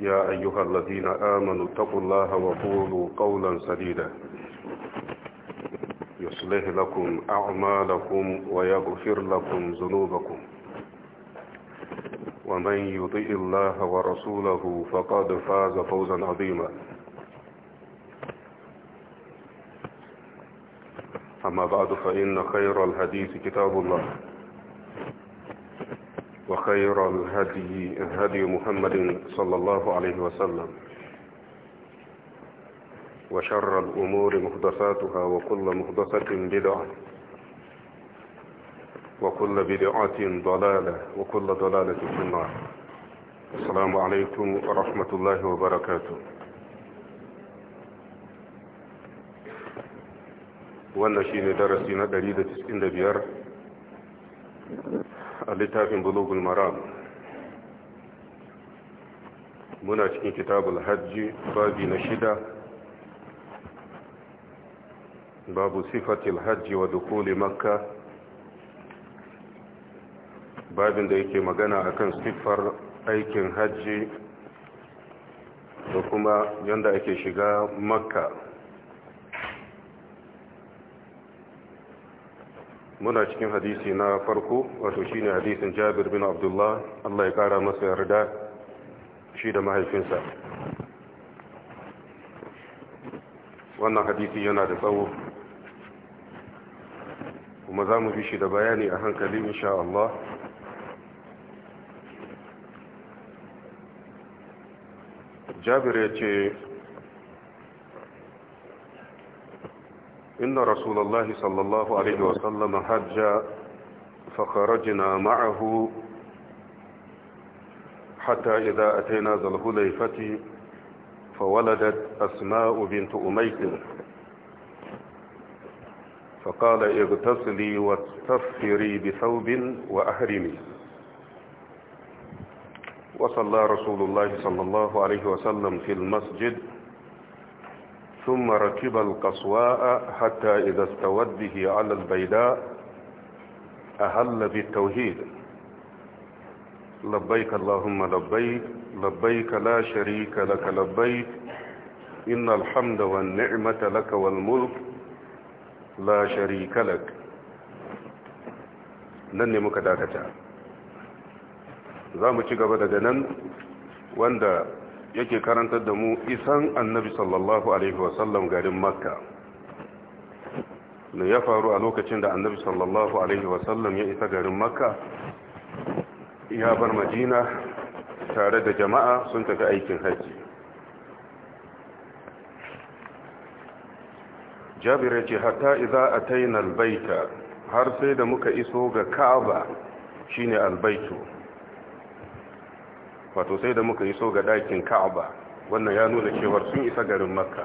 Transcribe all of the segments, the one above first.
يا أيها الذين آمنوا اتقوا الله وقولوا قولا سديدا يصلح لكم أعمالكم ويغفر لكم ذنوبكم ومن يطيء الله ورسوله فقد فاز فوزا عظيما أما بعد فإن خير الحديث كتاب الله وخير الهدي هدي محمد صلى الله عليه وسلم وشر الأمور محدثاتها وكل محدثة بدعة وكل بدعة ضلالة وكل ضلالة في النار السلام عليكم ورحمة الله وبركاته wannan shine darasi na دبيار a littafin bulugul maram muna cikin kitabul hajji babi na shida babu sifatil hajji wa dukuli makka babin da yake magana akan siffar aikin hajji da kuma yadda ake shiga makka muna cikin hadisi na farko wato shine hadisin Jabir bin Abdullah Allah ya kara masa yarda shi da mahaifinsa wannan hadisi yana da tsawo kuma za mu bi shi da bayani a hankali insha Allah Jabir ya ce إن رسول الله صلى الله عليه وسلم حج فخرجنا معه حتى إذا أتينا ذا الهليفة فولدت أسماء بنت أميت فقال اغتسلي واستفري بثوب وأهرمي وصلى رسول الله صلى الله عليه وسلم في المسجد ثم ركب القصواء حتى إذا استود به على البيداء أهل بالتوحيد لبيك اللهم لبيك لبيك لا شريك لك لبيك إن الحمد والنعمة لك والملك لا شريك لك نن مكداكتا muka dakata za mu ci yake karantar da mu isan annabi sallallahu alaihi wasallam garin makka ne ya faru a lokacin da annabi sallallahu alaihi wasallam ya isa garin makka ya bar madina tare da jama'a sun tafi aikin hajji jabir ya ce hatta iza a tainar baita har sai da muka iso ga ka'aba shine albaitu wato sai da muka yi so ga dakin ka'aba wannan ya nuna cewar sun isa garin makka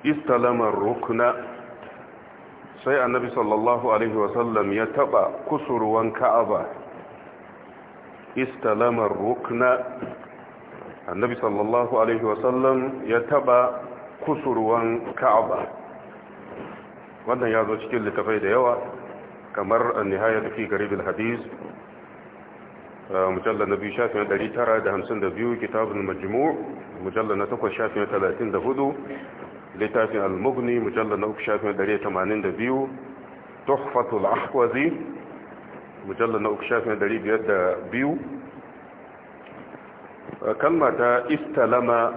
istalamar rukna sai annabi sallallahu alaihi wasallam ya taba kusurwan ka'aba istalamar rukna annabi sallallahu alaihi wasallam ya taba kusurwan ka'aba wannan ya zo cikin littafai da yawa kamar an nihayar fi garibin hadis mujallar na biyu shafin biyu. kitabun majmu mujallar na takwas shafin hudu. littafin al-mughni mujallar na uku shafin biyu. tuhfatul ahwazi mujallar na uku shafin 502 kalma ta istalama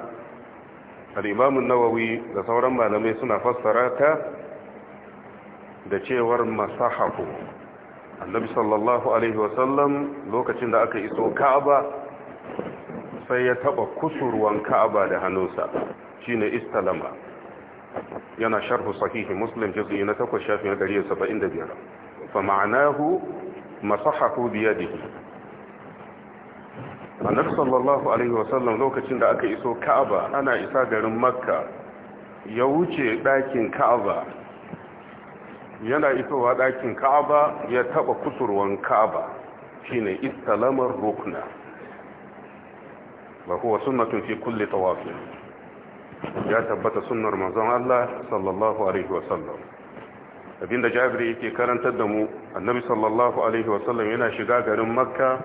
al-imamun nawawi da sauran malamai suna fassara ta da cewar masahafu annabi sallallahu alaihi wasallam lokacin da aka iso ka'aba sai ya taba kusurwan ka'aba da hannunsa shine istalama yana sharhu sahihi muslim juz'i na 8 shafi na 175 fa ma'anahu masahahu bi yadihi annabi sallallahu alaihi wasallam lokacin da aka iso ka'aba ana isa garin makka ya wuce dakin ka'aba yana isowa ɗakin ka'aba ya taɓa kusurwan ka'aba shine istalamar rukna ba kuwa sunnatun fi kulle tawafi ya tabbata sunnar manzon Allah sallallahu alaihi wasallam abinda jabir yake karantar da mu annabi sallallahu alaihi yana shiga garin makka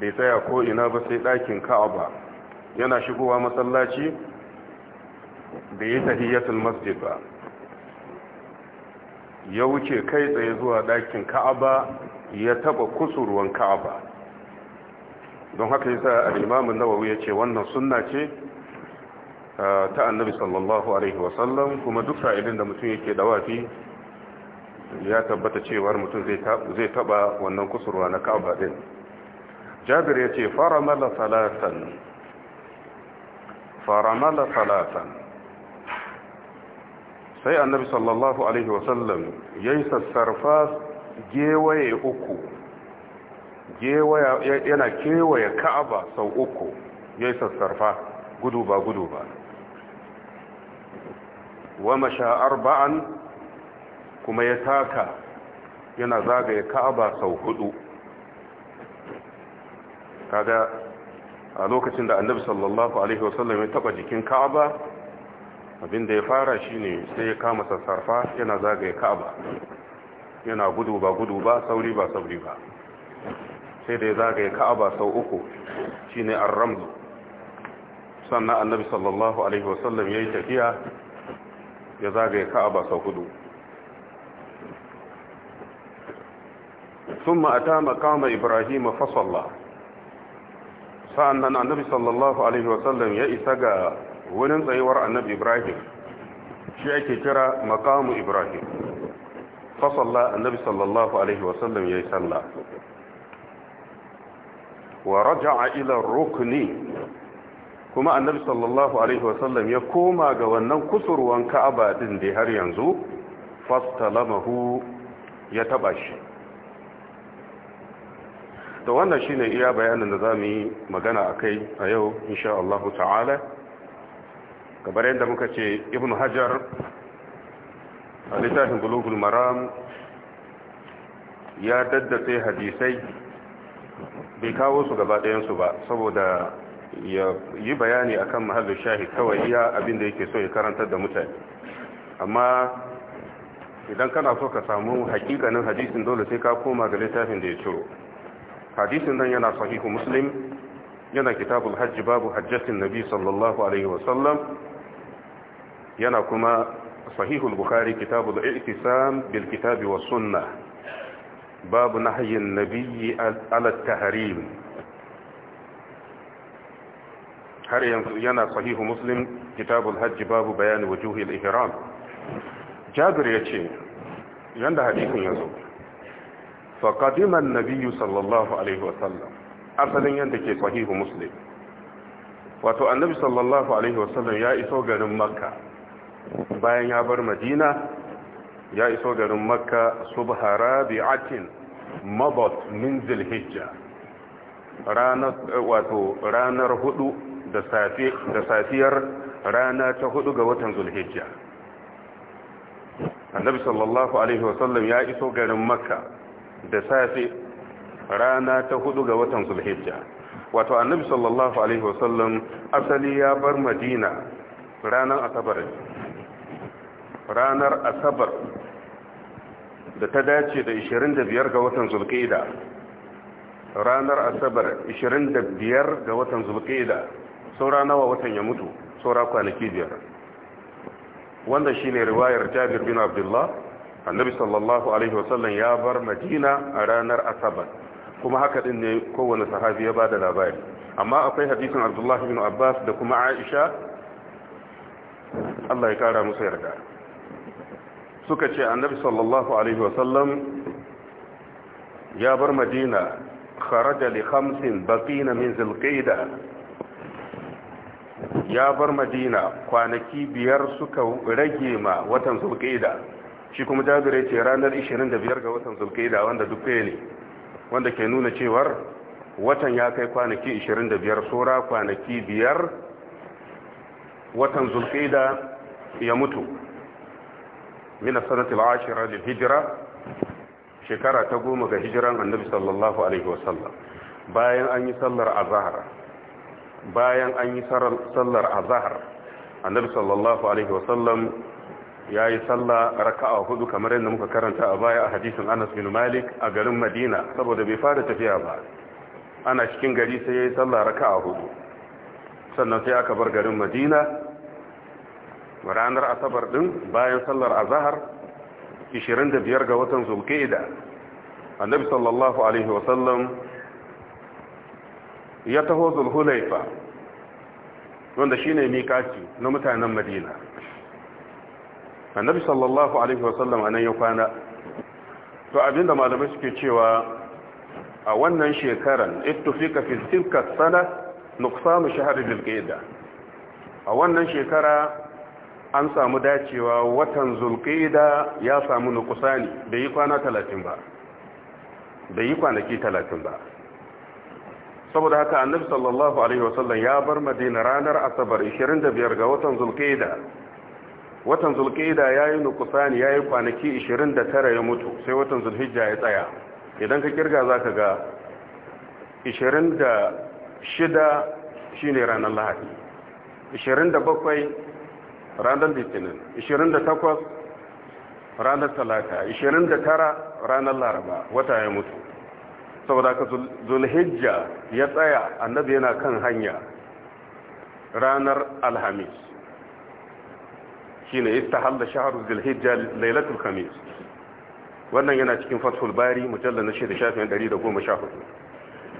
bai tsaya ko ina ba sai ɗakin ka'aba yana shigowa masallaci bai yi tahiyatul masjid ba ya wuce kai tsaye zuwa ɗakin ka'aba ya taɓa kusurwan ka'aba don haka yasa al al'imamin an ya ce wannan sunna ce ah, ta annabi sallallahu alaihi wasallam kuma duk sa'ilin da mutum yake wafi ya tabbata cewar mutum zai taba wannan kusurwa na ka'aba din jabir yace faramala salatan faramala salatan sai annabi sallallahu alaihi wasallam ya yi sassarfa gewaye uku yana kewaye ka'aba sau uku ya yi sassarfa gudu ba gudu ba wa masha arba'an kuma ya taka yana zagaye ka'aba sau hudu kada a lokacin da annabi sallallahu alaihi wasallam ya taba jikin ka'aba abin da ya fara shine sai ya kama sassarfa yana zagaye ka'aba yana gudu ba gudu ba sauri ba sauri ba sai da ya zagaye ka'aba sau uku shine ar-ramzu sannan annabi sallallahu alaihi wasallam yi tafiya ya zagaye ka'aba sau hudu ثم أتى مقام إبراهيم فصلى sa'an nan annabi sallallahu alaihi wasallam ya isa ga wurin tsayuwar annabi ibrahim shi ake kira makamu ibrahim fasalla annabi sallallahu alaihi wasallam ya yi salla wa raja'a ila rukni kuma annabi sallallahu alaihi wasallam ya koma ga wannan kusurwan ka'aba din da har yanzu fastalamahu ya taba shi to wannan shine iya bayanin da zamu yi magana akai a yau insha Allah ta'ala kamar yadda muka ce ibn hajar a littafin bulugul maram ya daddace hadisai bai kawo su gaba ɗayansu ba saboda ya yi bayani akan mahallin shahid kawai iya abinda yake so ya karantar da mutane amma idan kana so ka samu hakikanin hadisin dole sai ka koma ga littafin da ya ciro hadisin nan yana sahihu muslim yana kitabul hajji babu hajjatin nabi sallallahu alaihi wasallam yana kuma sahihul bukhari kitabul i'tisam bil kitabi was sunnah babu nahyin nabiyyi ala tahrim har yanzu yana sahihu muslim Kitabu hajj babu bayan wujuhil ihram jabir yace yanda hadisin yazo fa qadima an-nabiy sallallahu alaihi sallam asalin yanda ke sahihu muslim wato annabi sallallahu alaihi sallam ya iso garin makka bayan ya bar madina ya iso garin makka subhara bi'atin mabot min zulhijja ranar eh, wato ranar hudu da safiyar rana ta hudu ga watan zulhijja annabi sallallahu alaihi wasallam ya iso garin makka da safe rana ta hudu ga watan zulhijja wato annabi sallallahu alaihi wasallam asali ya bar madina ranar asabar ranar asabar da ta dace da 25 ga watan zulqa'ida ranar asabar 25 ga watan zulqa'ida saura nawa watan ya mutu saura kwanaki biyar wanda shi ne riwayar Jabir bin Abdullah annabi sallallahu alaihi wasallam ya bar Madina a ranar asabar kuma haka din ne kowane sahabi ya bada labari amma akwai hadisin Abdullah bin Abbas da kuma Aisha Allah ya kara musu yarda suka ce annabi sallallahu alaihi wasallam ya bar madina kharaja li khamsin baqina min zulqaida ya bar madina kwanaki biyar suka rage ma watan zulqaida shi kuma jabir ce ranar 25 ga watan zulqaida wanda duk ne wanda ke nuna cewar watan ya kai kwanaki 25 sora kwanaki biyar watan zulqaida ya mutu Mina sanatil ashira lil hijra shekara ta goma ga hijiran annabi sallallahu alaihi wasallam bayan an yi sallar azhar bayan an yi sallar azhar annabi sallallahu alaihi wasallam ya yi sallah raka'a hudu kamar yadda muka karanta a baya a hadisin Anas bin Malik a garin Madina saboda bai fara tafiya ba ana cikin gari sai ya yi sallah raka'a hudu sannan sai aka bar garin Madina ranar asabar din bayan sallar azahar 25 ga watan zulqa'ida annabi sallallahu alaihi wasallam ya taho zulhulaifa wanda shine miƙaci na mutanen madina annabi sallallahu alaihi wasallam anan ya kwana to abinda malamai suke cewa a wannan shekaran ittufika fi tilka sana nuqsanu shahr dhulqa'da a wannan shekara an samu dacewa watan zulkida ya samu nukusani bai yi kwana talatin ba bai yi kwanaki talatin ba saboda haka annabi sallallahu alaihi wasallam ya bar madina ranar asabar 25 ga watan zulkida watan zulqaida yayi ya yayi kwanaki 29 ya mutu sai watan zulhijja ya tsaya idan ka kirga zaka ga 26 shine ranar lahadi 27 ranar litinin 28 ranar talata 29 ranar laraba wata ya mutu saboda ka zulhijja ya tsaya annabi yana kan hanya ranar alhamis shine halda shaharu zulhijja lailatul khamis wannan yana cikin fathul bari mujalla na da shafin 114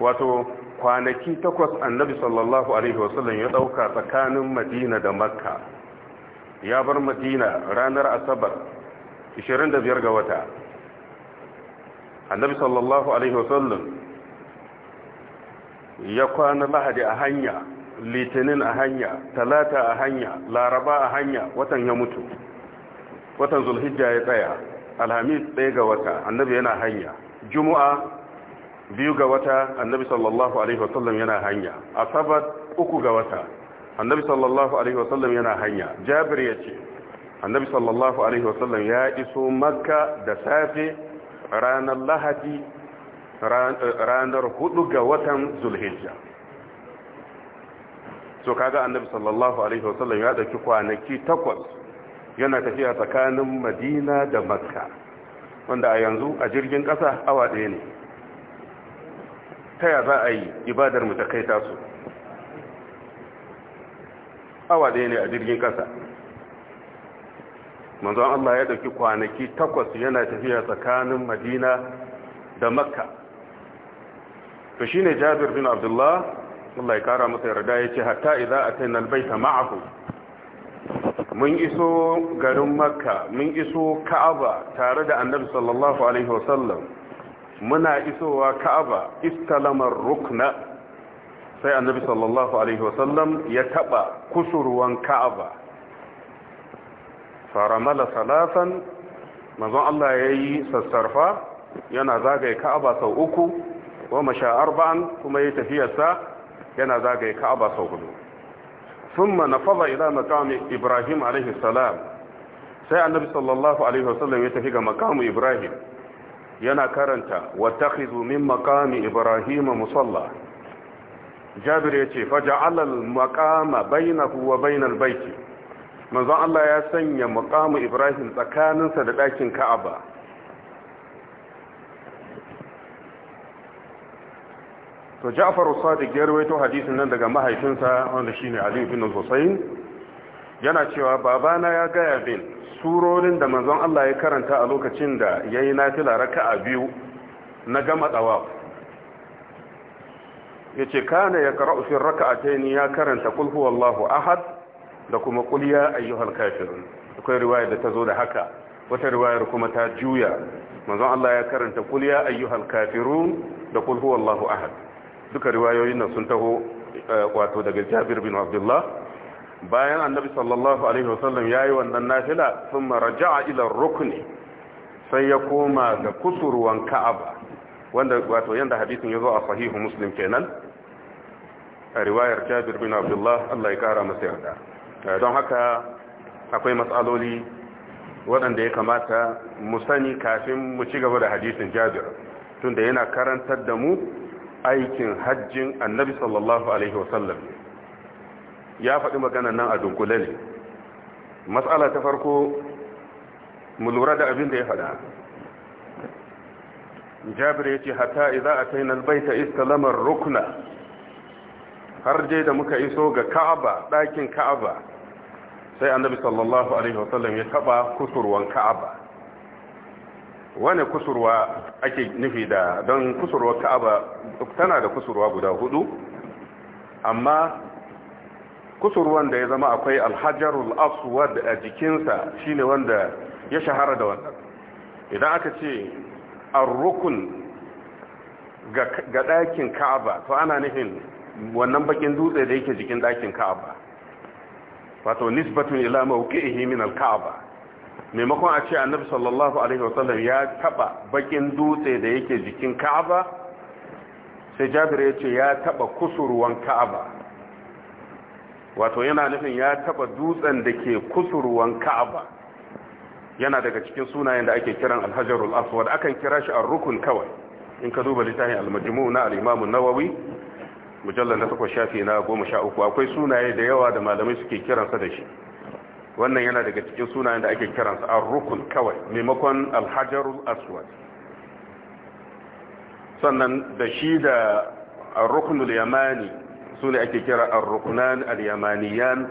wato kwanaki takwas annabi sallallahu alaihi wasallam ya dauka tsakanin madina da makka ya bar madina ranar asabar 25 ga wata annabi sallallahu alaihi wasallam ya kwana lahadi a hanya litinin a hanya talata a hanya laraba a hanya watan ya mutu watan zulhijja ya tsaya alhamis ɗaya ga wata annabi yana hanya juma'a biyu ga wata annabi sallallahu alaihi wasallam yana hanya asabar uku ga wata annabi sallallahu alaihi wasallam yana hanya jabir ya ce annabi sallallahu alaihi wasallam ya iso makka da safe ranar lahadi ranar hudu ga watan zulhijja so kaga annabi sallallahu alaihi wasallam ya dauki kwanaki takwas yana tafiya tsakanin madina da makka wanda a yanzu a jirgin kasa awa ɗaya ne ta ya za a yi ibadar mu ta kai taso awa ɗaya ne a jirgin ƙasa manzon Allah ya ɗauki kwanaki takwas yana tafiya tsakanin madina da makka to ne jabir bin abdullah Allah ya kara masa yarda ya ce hatta idza atayna albayta ma'ahu mun iso garin makka mun iso ka'aba tare da annabi sallallahu alaihi wasallam muna isowa ka'aba istalamar rukna sai annabi sallallahu alaihi wasallam ya taba kusurwan ka'aba faramala salasan, manzon Allah yayi sassarfa yana zagaye ka'aba sau uku wa masha arba'an kuma yayi sa yana zagaye ka'aba sau hudu thumma nafada ila maqami ibrahim alaihi salam sai annabi sallallahu alaihi wasallam ya tafi ga maqamu ibrahim yana karanta wa takhizu min maqami ibrahim musalla jabir ya ce faja'alal maqama bainahu wa bainal baiti manzo Allah ya sanya maqamu Ibrahim tsakaninsa da dakin Ka'aba to Ja'far as-Sadiq ya rawaito hadisin nan daga mahaifinsa wanda shine Ali ibn Husayn yana cewa babana ya gaya bin surorin da manzon Allah ya karanta a lokacin da yayi nafila raka'a biyu na gama tsawaf yace kane ya raka a rak'atayn ya karanta qul huwallahu ahad da kuma qul ya ayyuhal kafirun akwai riwaya da tazo da haka wata riwayar kuma ta juya manzon Allah ya karanta qul ya ayyuhal kafirun da qul huwallahu ahad duka riwayoyin nan sun taho eh, wato daga Jabir bin Abdullah bayan annabi sallallahu alaihi wasallam yayi wannan nafila thumma raja'a ila rukni sai ya koma ga kusurwan Ka'aba wanda wato yanda hadisin zo a sahihu Muslim kenan a riwayar jabir bin abdullah Allah ya kara masa yarda eh, don haka akwai matsaloli waɗanda ya kamata mu sani kafin mu ci gaba da hadisin jabir tunda yana karantar da mu aikin hajjin annabi sallallahu alaihi wasallam ya faɗi maganan nan a dunkule matsala ta farko mu lura da abin da ya faɗa jabir ya ce hata iza a tainar baita iskalamar rukna har je da muka iso ga ka'aba ɗakin ka'aba sai annabi sallallahu alaihi wasallam ya taba kusurwan ka'aba wane kusurwa ake nufi da don kusurwar ka'aba tana da kusurwa guda hudu amma kusurwan da ya zama akwai alhajarul aswad a jikinsa shine wanda ya shahara da wannan idan aka ce arrukun ga ɗakin ka'aba to ana nufin wannan bakin dutse da yake jikin ɗakin ka'aba wato nisbatun ila mawqi'ihi min al-ka'aba maimakon a ce annabi sallallahu alaihi wasallam ya taba bakin dutse da yake jikin ka'aba sai jabir ya ce ya taba kusurwan ka'aba wato yana nufin ya taba dutsen da ke kusurwan ka'aba yana daga cikin sunayen da ake kiran alhajarul aswad akan kira shi ar-rukun kawai in ka duba littafin al-majmu' na al-imam an-nawawi mujallar na takwas shafi na goma sha uku akwai sunaye da yawa da malamai suke kiransa da shi wannan yana daga cikin sunayen da ake kiransa an rukun kawai maimakon alhajarul aswad sannan da shi da rukunul yamani su ne ake kira an rukunan al-yamaniyan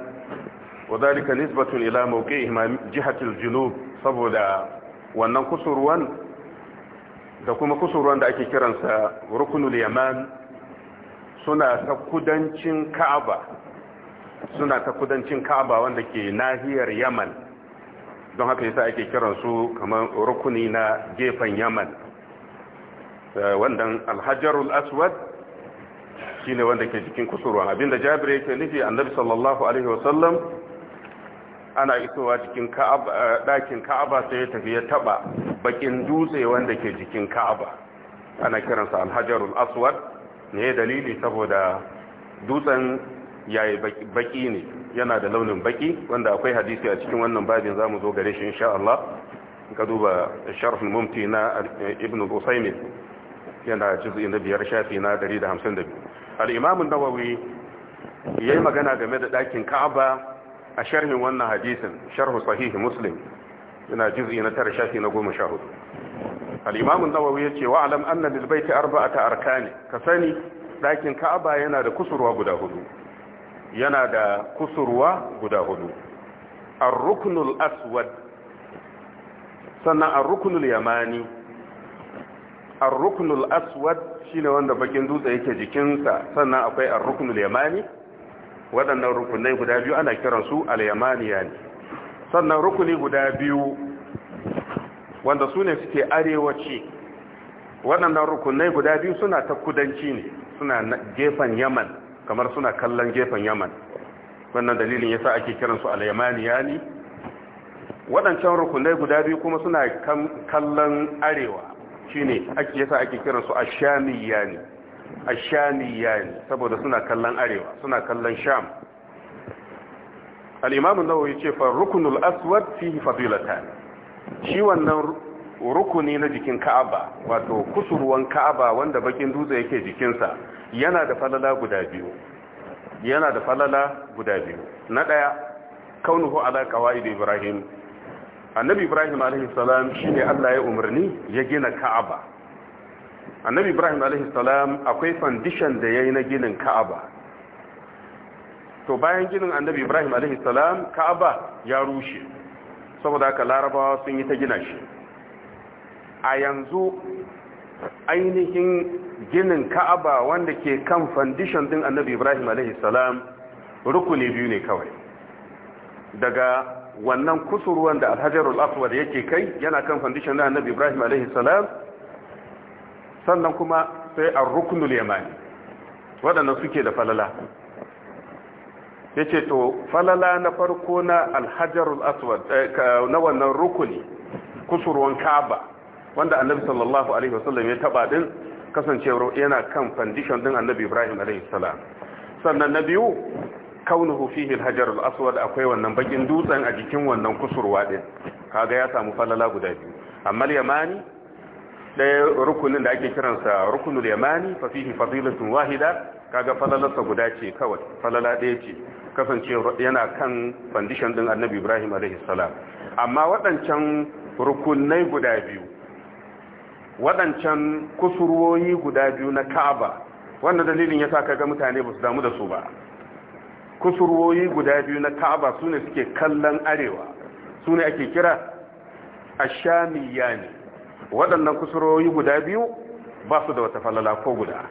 nisbatun ila mauke jihatil junub saboda wannan kusurwan da kuma kusurwan da ake kiransa rukunul yaman suna ta kudancin ka'aba suna ta kudancin ka'aba wanda ke nahiyar yaman don haka yasa ake kiransu kamar rukuni na gefen yaman eh, wannan alhajarul aswad shine wanda ke cikin kusurwa abinda jabir yake nufi annabi sallallahu alaihi wasallam ana isowa cikin eh, ɗakin ka'aba sai ya tafi ya taɓa bakin dutse wanda ke jikin ka'aba ana kiransa alhajarul aswad ne dalili saboda dutsen yayi baki ne yana da launin baki wanda akwai hadisi a cikin wannan babin zamu zo gare shi insha Allah ka duba sharh mumti na eh, ibn al-usaymin yana juz'i na biyar shafi na 152 al-imam an-nawawi yayi magana game da dakin Ka'aba a sharhin wannan hadisin sharh sahih muslim yana juz'i na 9 shafi na 14 al-imam an-nawawi yace wa alam anna lil baiti arba'ata arkani ka sani dakin ka'aba yana da kusurwa guda hudu yana da kusurwa guda hudu ar-ruknul aswad sannan ar-ruknul yamani ar-ruknul aswad shine wanda bakin dutse yake jikinsa sannan akwai ar-ruknul yamani waɗannan rukunai guda biyu ana kiransu al-yamaniya ne sannan rukuni guda biyu wanda su ne suke arewaci waɗannan rukunai guda biyu suna ta kudanci ne suna gefen yaman kamar suna kallon gefen yaman wannan dalilin ya sa ake kiransu al ne waɗancan rukunai guda biyu kuma suna kallon arewa ne ake yasa ake kiransu ashamiya ne ashamiya ne saboda suna kallon arewa suna kallon sham al nawa ya nawawi ce fa rukunul aswad fihi fadilatan shi wannan rukuni na jikin ka'aba wato kusurwan ka'aba wanda bakin dutse yake jikinsa yana da falala guda biyu yana da falala guda biyu na daya kaunuhu ala qawaid ibrahim annabi ibrahim alaihi salam shine Allah ya umarni ya gina ka'aba annabi ibrahim alaihi salam akwai foundation da yayi na ginin ka'aba to bayan ginin annabi ibrahim alaihi salam ka'aba ya rushe saboda haka larabawa sun yi ta gina shi a yanzu ainihin ginin ka'aba wanda ke kan fandishon din annabi ibrahim salam rukuni biyu ne kawai daga wannan kusurwan da alhajarul aswad yake kai yana kan fandishon din annabi ibrahim salam sannan kuma sai a rukunul yamani waɗannan suke da falala Ya ce to falala na farko na alhajarul aswad eh, na wannan rukuni kusurwan kaba wanda annabi sallallahu alaihi wasallam ya taba din kasancewar yana kan foundation din annabi ibrahim alaihi salam sannan na biyu kaunuhu fihi alhajarul aswad akwai wannan bakin dutsen a jikin wannan kusurwa din kaga ya samu falala guda biyu amma yamani ɗaya rukunin da ake kiransa rukunul yamani fa fihi fadilatun wahida kaga falalarsa guda ce kawai falala ɗaya ce kasance yana kan fandishan din annabi ibrahim salaam, amma waɗancan rukunai guda biyu waɗancan kusurwoyi guda biyu na ka'aba wannan dalilin ya sa ga mutane ba su damu da su ba kusurwoyi guda biyu na ka'aba su ne suke kallon arewa su ne ake kira ashamiya ne waɗannan kusurwoyi guda biyu ba su da wata falala ko guda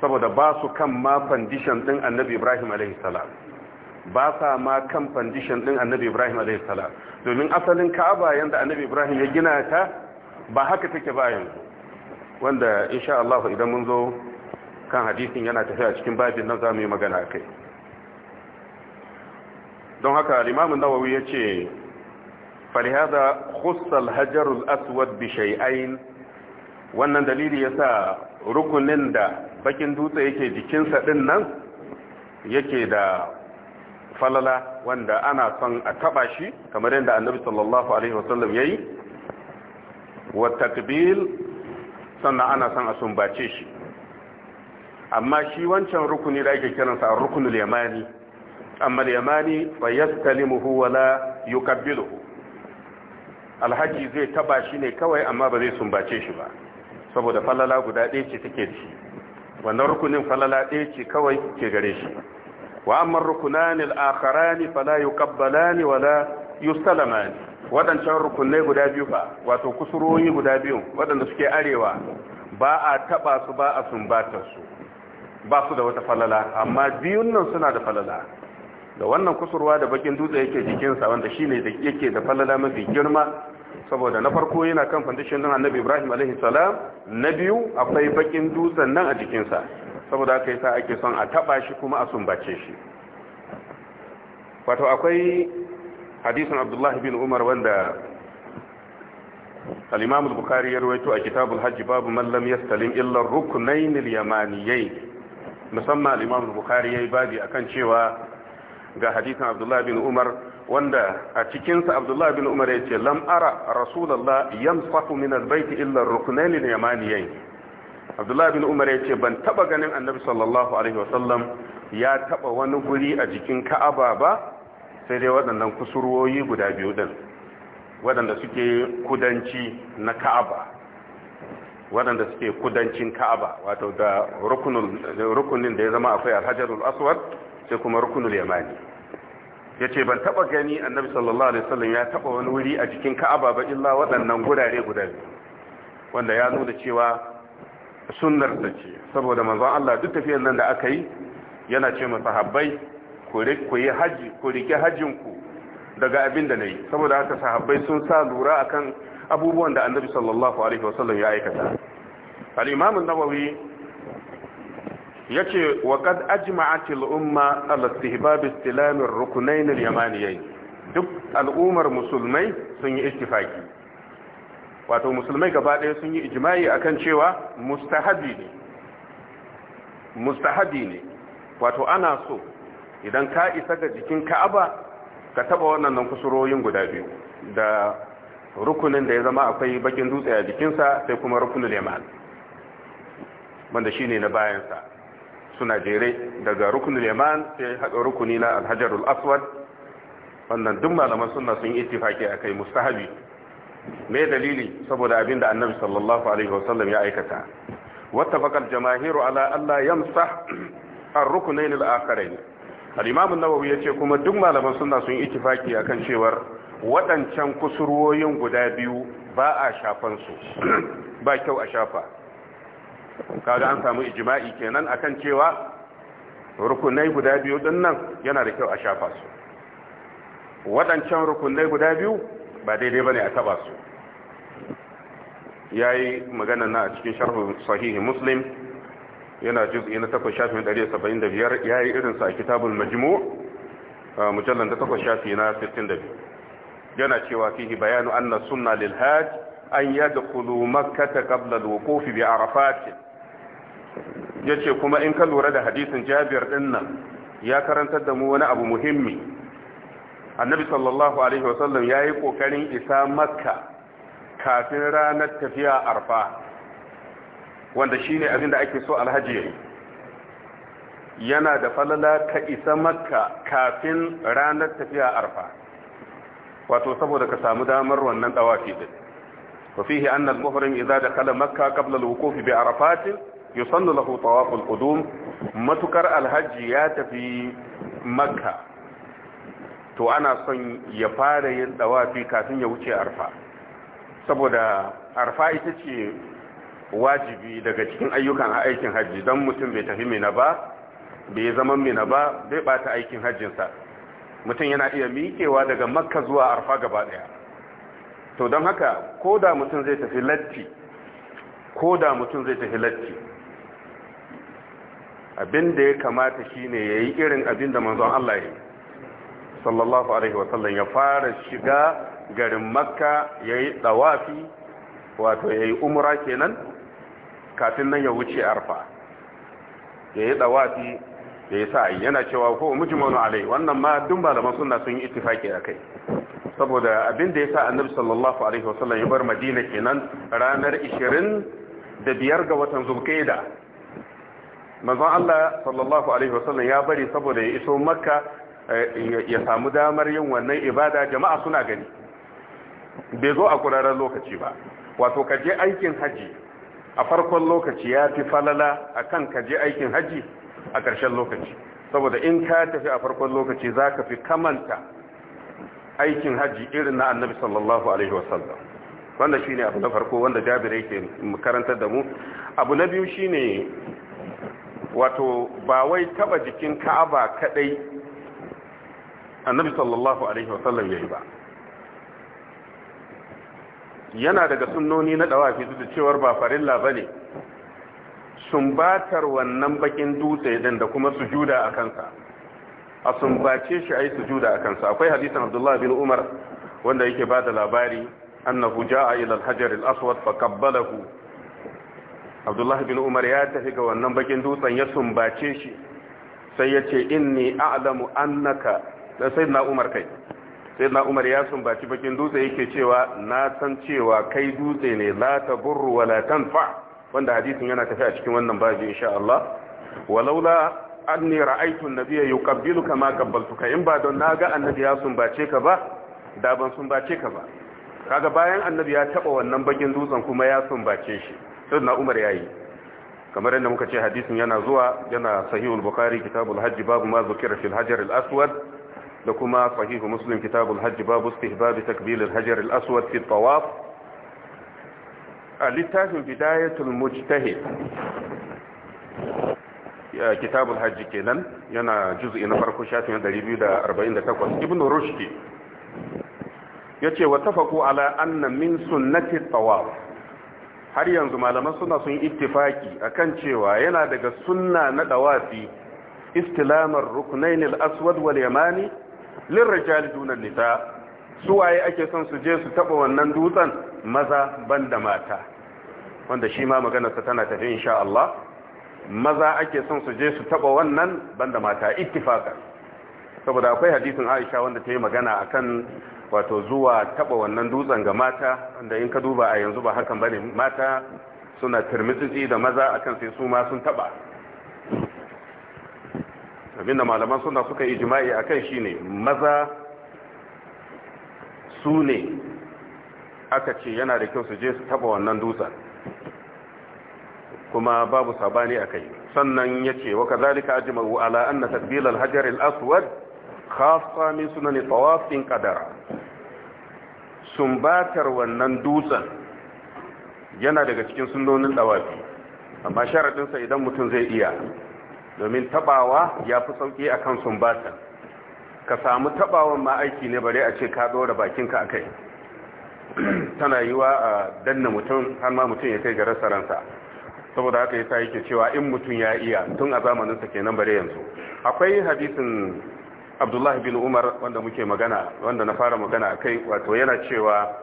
saboda ba su kan ma fandishan ɗin annabi ibrahim alaihissalam ba sa ma kan fandishin din annabi ibrahim a.s. domin asalin ka'aba yadda annabi ibrahim ya gina ta ba haka take ba yanzu wanda insha Allah idan mun zo kan hadisin yana tafiya cikin babin na zamu yi magana kai don haka limamin ya nawawi ya falihada khussa al aswad bi shay'ain wannan dalili yasa rukunin da bakin dutse yake jikinsa din nan yake da falala wanda ana son a taba shi kamar yadda annabi sallallahu alaihi wasallam yayi wa takbil sannan ana son a sumbace shi amma shi wancan rukuni da ake kiran a rukunul yamani amma yamani fa yastalimuhu wa la yukabbiluhu alhaji zai taba shi ne kawai amma ba zai sumbace shi ba saboda falala guda ɗaya ce take da shi wannan rukunin falala ɗaya ce kawai ke gare shi wa amma rukunani al-akharani fala yuqabbalani wala rukunai guda biyu fa wato kusuroyi guda biyu wadanda suke arewa ba a taba su ba a sumbatar su ba su da wata falala amma biyun nan suna da falala da wannan kusurwa da bakin dutse yake jikinsa wanda shine da yake da falala mafi girma saboda na farko yana kan fandishin nan Annabi Ibrahim alaihi salam na biyu akwai bakin dutsen nan a jikinsa saboda yi yasa ake son a taba shi kuma a sumbace shi wato akwai hadisin abdullahi bin umar wanda al-imam al-bukhari ya rawaito a kitabul hajj babu man lam yastalim illa ar-ruknayn al musamman al-imam al-bukhari yayi babi akan cewa ga hadisin abdullahi bin umar wanda a cikinsa abdullahi bin umar ya ce lam ara rasulallah yamsahu min albayti illa ar-ruknayn al-yamaniyayn abdullahi bin umar ya ce ban taba ganin annabi sallallahu alaihi wasallam ya taba wani guri a jikin ka'aba ba sai dai waɗannan kusurwoyi guda biyu din waɗanda suke kudanci na ka'aba waɗanda suke kudancin ka'aba wato da rukunin da ya zama akwai alhajarul aswad sai kuma rukunul yamani ya ce ban taba gani annabi sallallahu alaihi wasallam ya taba wani wuri a jikin ka'aba ba illa waɗannan gurare guda biyu wanda ya nuna cewa sunnar ta ce saboda manzon Allah duk tafiyar nan da aka yi yana ce ma sahabbai ku yi haji ku rike hajjin ku daga abin da yi saboda haka sahabbai sun sa lura akan abubuwan da annabi sallallahu alaihi wasallam ya aikata al-imam an-nawawi yace wa qad ajma'at al-umma ala istihbab istilam ar al yamaniyyin duk al'ummar musulmai sun yi istifaki wato musulmai gaba ɗaya sun yi a kan cewa mustahabi ne mustahabi ne wato ana so idan ka isa ga jikin ka'aba ka taba wannan nan kusurorin guda biyu da rukunin da ya zama akwai bakin dutse a jikinsa sai kuma rukunin yaman wanda ne na bayansa suna jere daga rukunin yaman sai haɗa rukuni na alhajarul aswad wannan duk malaman suna sun yi a kai mustahabi me dalili saboda abin da annabi sallallahu alaihi wasallam ya aikata wattafaqal jamaahiru ala alla yamsah ar-ruknayn al-akharayn al-imam an-nawawi yace kuma duk malaman sunna sun yi ittifaki akan cewar waɗancan kusurwoyin guda biyu ba a shafan su ba kyau a shafa kaga an samu ijma'i kenan akan cewa rukunai guda biyu dinnan yana da kyau a shafa su waɗancan rukunai guda biyu ba daidai ba ne a taba su Ya yi magana na a cikin sharh sahih muslim yana juz'i na 8 shafin 175 yayi irin sa a kitabul majmu' mujallal da 8 shafi na 62 yana cewa fihi bayanu anna sunna lil hajj an yadkhulu makkah qabla al-wuquf bi Ya ce kuma in ka lura da hadisin jabir din ya karantar da mu wani abu muhimmi annabi sallallahu alaihi wasallam ya yi ƙoƙarin isa makka kafin ranar tafiya arfa wanda shi ne abinda ake so alhaji ya yi yana da falala ka isa makka kafin ranar tafiya arfa wato saboda ka samu damar wannan dawafi din wa fihi anna al iza da kala makka qabla wukufi bi arafatin yusannu lahu tawaf qudum matukar alhaji ya tafi makka to ana son ya fara yin dawafi kafin ya wuce arfa saboda arfa ita ce wajibi daga cikin ayyukan aikin hajji don mutum bai tafi mina ba bai zama mina ba bai bata aikin hajjinsa mutum yana iya miƙewa daga makka zuwa arfa gaba daya to don haka ko da mutum zai tafi latti ko da mutum zai tafi latti abin da ya kamata shine yi irin abin da manzon Allah ya yi sallallahu alaihi wasallam ya fara shiga garin makka ya yi tsawafi wato ya yi umra kenan kafin nan ya wuce arfa ya yi tsawafi ya yi sa'ayi yana cewa ko mijin mujimanu alai wannan ma dun malaman suna sun yi ittifaki a kai saboda abin da ya sa annabi sallallahu alaihi wasallam ya bar madina kenan ranar ishirin da biyar ga watan Zubkaida. manzon Allah sallallahu alaihi wasallam ya bari saboda ya iso makka ya samu damar yin wannan ibada jama'a suna gani bai zo a kuraren lokaci ba wato kaje aikin haji a farkon lokaci ya fi falala akan ka je aikin haji a ƙarshen lokaci saboda in ka tafi a farkon lokaci za ka fi kamanta aikin haji irin na annabi sallallahu alaihi wasallam wanda shi ne abu na farko wanda jabir yake karantar da mu abu na biyu shi ne wato ba wai taba jikin ka'aba kadai annabi sallallahu alaihi wasallam yayi ba yana daga sunnoni na dawafi da cewar ba farilla ne. sumbatar wannan bakin dutse din da kuma sujuda a kansa a sumbace shi ai sujuda a kansa akwai hadisin Abdullahi bin Umar wanda yake ba da labari annahu jaa ila al-hajar al-aswad fa qabbalahu bin Umar ya tafi ga wannan bakin dutsen ya sumbace shi sai ya ce inni a'lamu annaka sayyidina Umar kai sayyidina Umar ya sumbaci bakin dutse yake cewa na san cewa kai dutse ne la taburru wala tanfa wanda hadisin yana tafi a cikin wannan babi insha Allah walaula anni ra'aytu an-nabiyya yuqabbiluka ma qabbaltuka in ba don naga annabi ya sumbace ka ba da ban sumbace ka ba kaga bayan annabi ya taba wannan bakin dutsen kuma ya sumbace shi sayyidina Umar yayi kamar yadda muka ce hadisin yana zuwa yana sahihul bukhari kitabul hajj babu ma zukira fil hajar al aswad da kuma sahihu muslim kitabul hajj babu istihbab takbil al-hajar al-aswad fi tawaf a littafin bidayatul mujtahid kitabul hajj kenan yana juz'i na farko shafin 248 ibn rushd yace wattafaqu ala anna min sunnati tawaf har yanzu malaman suna sun ittifaki akan cewa yana daga sunna na dawafi istilamar ruknain al-aswad wal yamani lirrijal duna nisa suwaye ake son su je su taba wannan dutsen maza banda mata wanda shi ma maganarsa tana tafi insha Allah maza ake son su je su taba wannan banda mata ittifaka saboda akwai hadisin Aisha wanda ta yi magana akan wato zuwa taba wannan dutsen ga mata wanda in ka duba a yanzu ba hakan bane mata suna tirmitsi da maza akan sai su ma sun taba abinda malaman suna suka yi jima'i a kai shine maza su ne aka ce yana da kyau su je su taba wannan dutsen kuma babu sabani a kai sannan ya ce wa kazalika jima'u ala anna tadbil al-hajar al-aswad khassa min ne tawafin kadara. sumbatar wannan dutsen yana daga cikin sunonin dawafi amma sharaɗinsa idan mutum zai iya domin tabawa ya fi sauƙi a kan sumbatan ka samu tabawan ma aiki ne bare a ce ka ɗora bakinka a kai tana yi wa a danna mutum har ma mutum ya kai ga rasa ransa saboda haka yasa yake cewa in mutum ya iya tun a zamaninsa kenan bare yanzu akwai hadisin abdullah bin umar wanda muke magana wanda na fara magana a kai wato yana cewa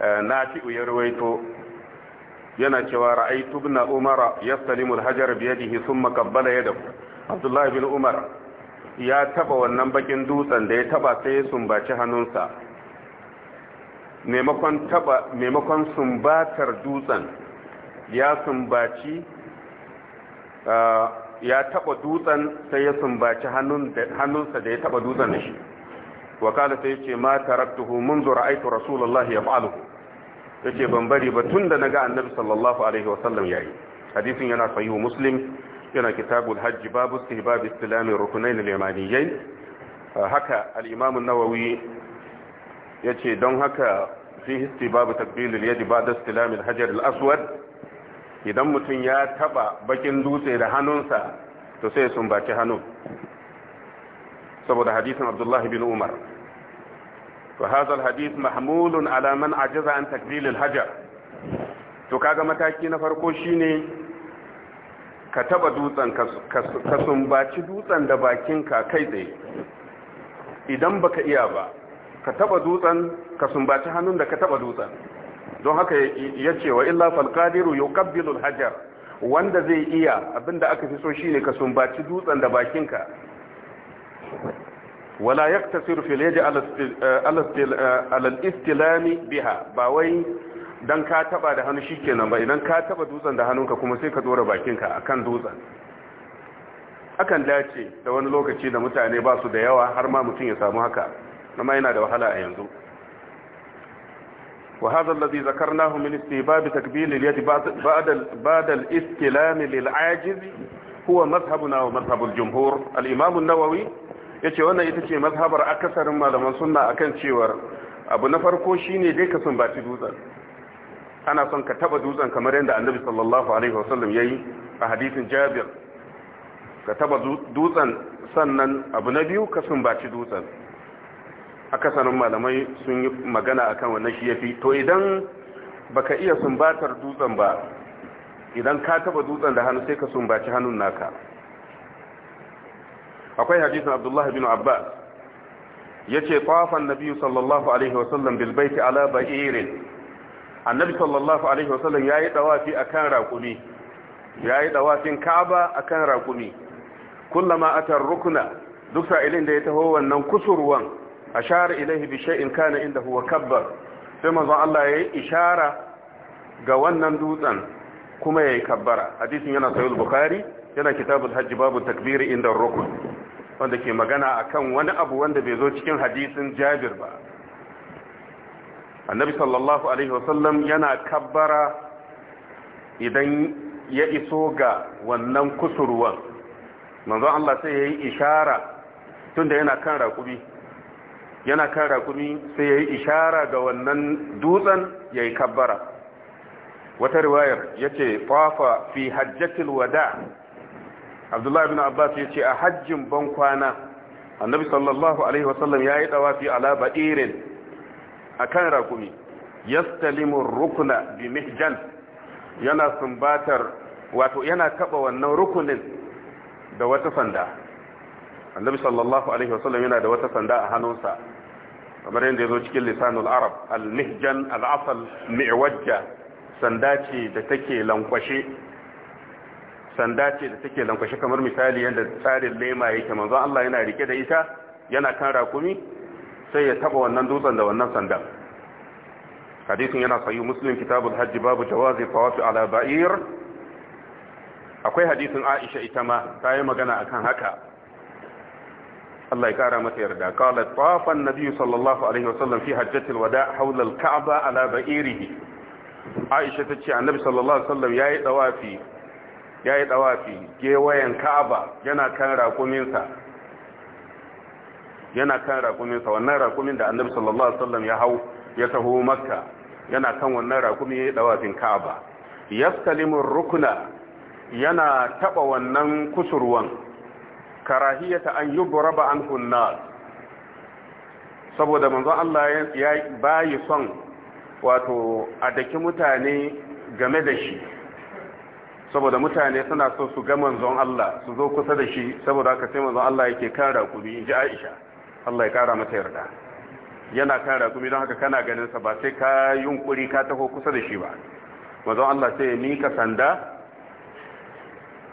eh, na fi ya rawaito yana cewa ra'aytu ibn umara yastalimu al-hajar bi yadihi thumma qabbala yadahu abdullah ibn umar ya taba wannan bakin dutsen da ya taba sai ya sumbaci hannunsa maimakon taba maimakon sumbatar dutsen ya sumbaci uh, ya taba dutsen sai ya sumbaci hannunsa da ya taba dutsen da shi wakala sai ce ma taraktuhu munzu ra'aytu rasulullahi yaf'aluhu ce ban bari ba tunda ga annabi sallallahu alaihi wasallam yayi hadisin yana sahihu muslim yana kitabul hajji babu istihbab istilam rukunain al-yamaniyyin ah, haka al-imam an-nawawi yace don haka fi istihbab takbil al-yad ba'da istilam al-hajar al-aswad idan mutun ya taba bakin dutse da hannunsa to sai sun baki hannun saboda hadisin abdullahi bin umar فهذا الحديث محمول على من عجز عن Hajar. الحجر to kaga mataki na farko shine ka taba dutsen ka sumbaci dutsen da bakinka kai tsaye idan baka iya ba ka taba dutsen ka sumbaci hannun da ka taba dutsen don haka ya ce wa illa falqadiru yuqabbilu Hajar. wanda zai iya abinda aka fi so shine ka sumbaci dutsen da bakinka wala tasiru fil yaji alal istilami biha ba wai dan ka taba da hannu shikenan ba idan ka taba dutsen da hannunka kuma sai ka dora bakinka akan dutsen akan dace da wani lokaci da mutane ba su da yawa har ma mutum ya samu haka amma yana da wahala a yanzu وهذا الذي ذكرناه من استهباب تكبيل اليد بعد بعد الاستلام للعاجز هو مذهبنا ومذهب الجمهور الإمام النووي yace wannan ita ce mazhabar akasarin malaman sunna akan cewar abu na farko shine dai ka sumbaci dutsen ana son ka taba dutsen kamar yadda annabi sallallahu alaihi wasallam yayi a hadisin Jabir ka taba dutsen sannan abu na biyu ka sumbaci dutsen akasarin malamai sun yi magana akan wannan shi yafi to idan baka iya batar dutsen ba idan ka taba dutsen da hannu sai ka sumbaci hannun naka akwai hadisin Abdullahi bin abbas yace tsafan annabi sallallahu alaihi wasallam bil ala ba'irin annabi sallallahu alaihi wasallam yayi dawafi kan raƙumi yayi dawafin kaaba akan raƙumi kullama ata rukuna duk sa'ilin da ya taho wannan kusurwan ashara ilaihi bishe in kana inda huwa kabbar sai manzon Allah ya yi ishara ga wannan dutsen kuma yayi kabbara hadisin yana sahih bukhari yana kitabul hajji babu takbiri inda rukun wanda ke magana akan wani abu wanda bai zo cikin hadisin jabir ba annabi sallallahu alaihi wasallam yana kabbara idan ya iso ga wannan kusurwan manzo Allah sai yayi ishara tunda yana kan raƙumi yana kan raƙumi sai yayi ishara ga wannan dutsen yayi kabbara wata riwayar yace tafa fi hajjatul wada' abdullahi ibn abbas ya ce a hajjin ban kwana annabi sallallahu alaihi wasallam ya yi dawafi ala ba'irin akan rakumi yastalimu rukuna bi mihjan yana sumbatar wato yana taba wannan rukunin da wata sanda annabi sallallahu alaihi wasallam yana da wata sanda a hannunsa kamar yadda zo cikin lisanul arab al mihjan al asal mi'wajja sanda ce da take lankwashe sanda ce da take lankwashe kamar misali yadda tsarin lema yake manzo Allah yana rike da ita yana kan rakumi sai ya taba wannan dutsen da wannan sanda hadisin yana sayu muslim kitabul hajj babu jawazi tawafi ala ba'ir akwai hadisin Aisha ita ma ta yi magana akan haka Allah ya kara mata yarda qala tawafa an-nabi sallallahu alaihi wasallam fi hajjatil wada' hawla al-ka'ba ala ba'irihi Aisha ta ce annabi sallallahu alaihi wasallam yayi tawafi ya yi tsawafi gewayen ka'aba yana kan rakuminsa yana kan rakuminsa wannan rakumin da annabi sallallahu alaihi wasallam ya hau ya taho makka yana kan wannan rakumin ya yi tsawafin ka'aba yaskalimun rukuna yana taba wannan kusurwan karahiyata an yubraba an an saboda manzon Allah ya bayi son wato a daki mutane game da shi saboda mutane suna so su ga manzon Allah su zo kusa da shi saboda haka sai manzon Allah yake kan rakumi in Aisha Allah ya kara mata yarda yana kan rakumi don haka kana ganin sa ba sai ka yunkuri ka taho kusa da shi ba manzon Allah sai ya mika sanda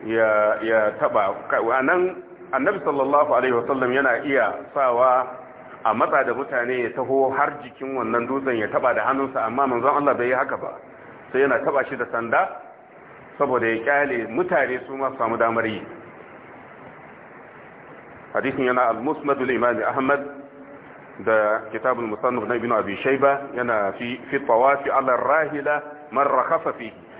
ya ya taba anan annabi sallallahu alaihi wasallam yana iya sawa a matsa da mutane ya taho har jikin wannan dutsen ya taba da hannunsa amma manzon Allah bai yi haka ba sai yana taba shi da sanda saboda ya kyale mutane su ma samu damar yi hadisin yana al-musnad al-imam ahmad da kitab al-musannaf na ibn abi shayba yana fi fi tawafi ala rahila man rakhafa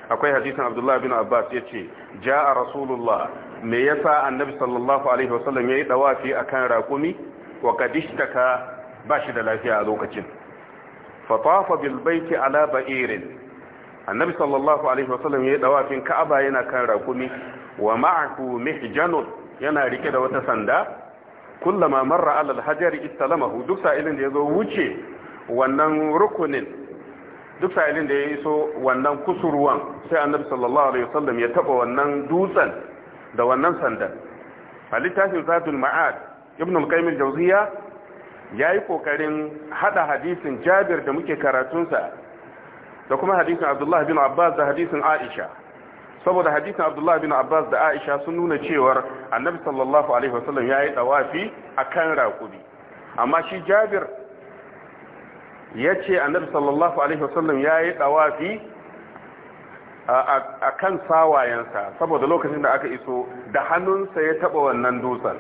akwai hadisin abdullahi ibn abbas yace jaa rasulullah me yasa annabi sallallahu alaihi wasallam yayi dawafi akan raqumi wa kadishtaka bashi da lafiya a lokacin fa tawafa bil baiti ala ba'irin annabi sallallahu alaihi wasallam ya dawafin ka'aba yana kan rakumi wa ma'ahu mihjanun yana rike da wata sanda kullama marra ala alhajar istalamahu duk sa'ilin da yazo wuce wannan rukunin duk sa'ilin da ya iso wannan kusurwan sai annabi sallallahu alaihi wasallam ya taba wannan dutsen da wannan sandan a littafin zadul ma'ad ibn al-qayyim al-jawziya yayi kokarin hada hadisin Jabir da muke karatunsa da kuma hadisin abdullahi bin abbas da hadisin aisha saboda hadisin abdullahi bin abbas da aisha sun nuna cewar annabi sallallahu alaihi wasallam ya yi dawafi a kan raƙuri amma shi jabir ya ce annabi sallallahu alaihi wasallam ya yi dawafi a kan sawayensa saboda lokacin da aka iso da hannunsa ya taba wannan dutsen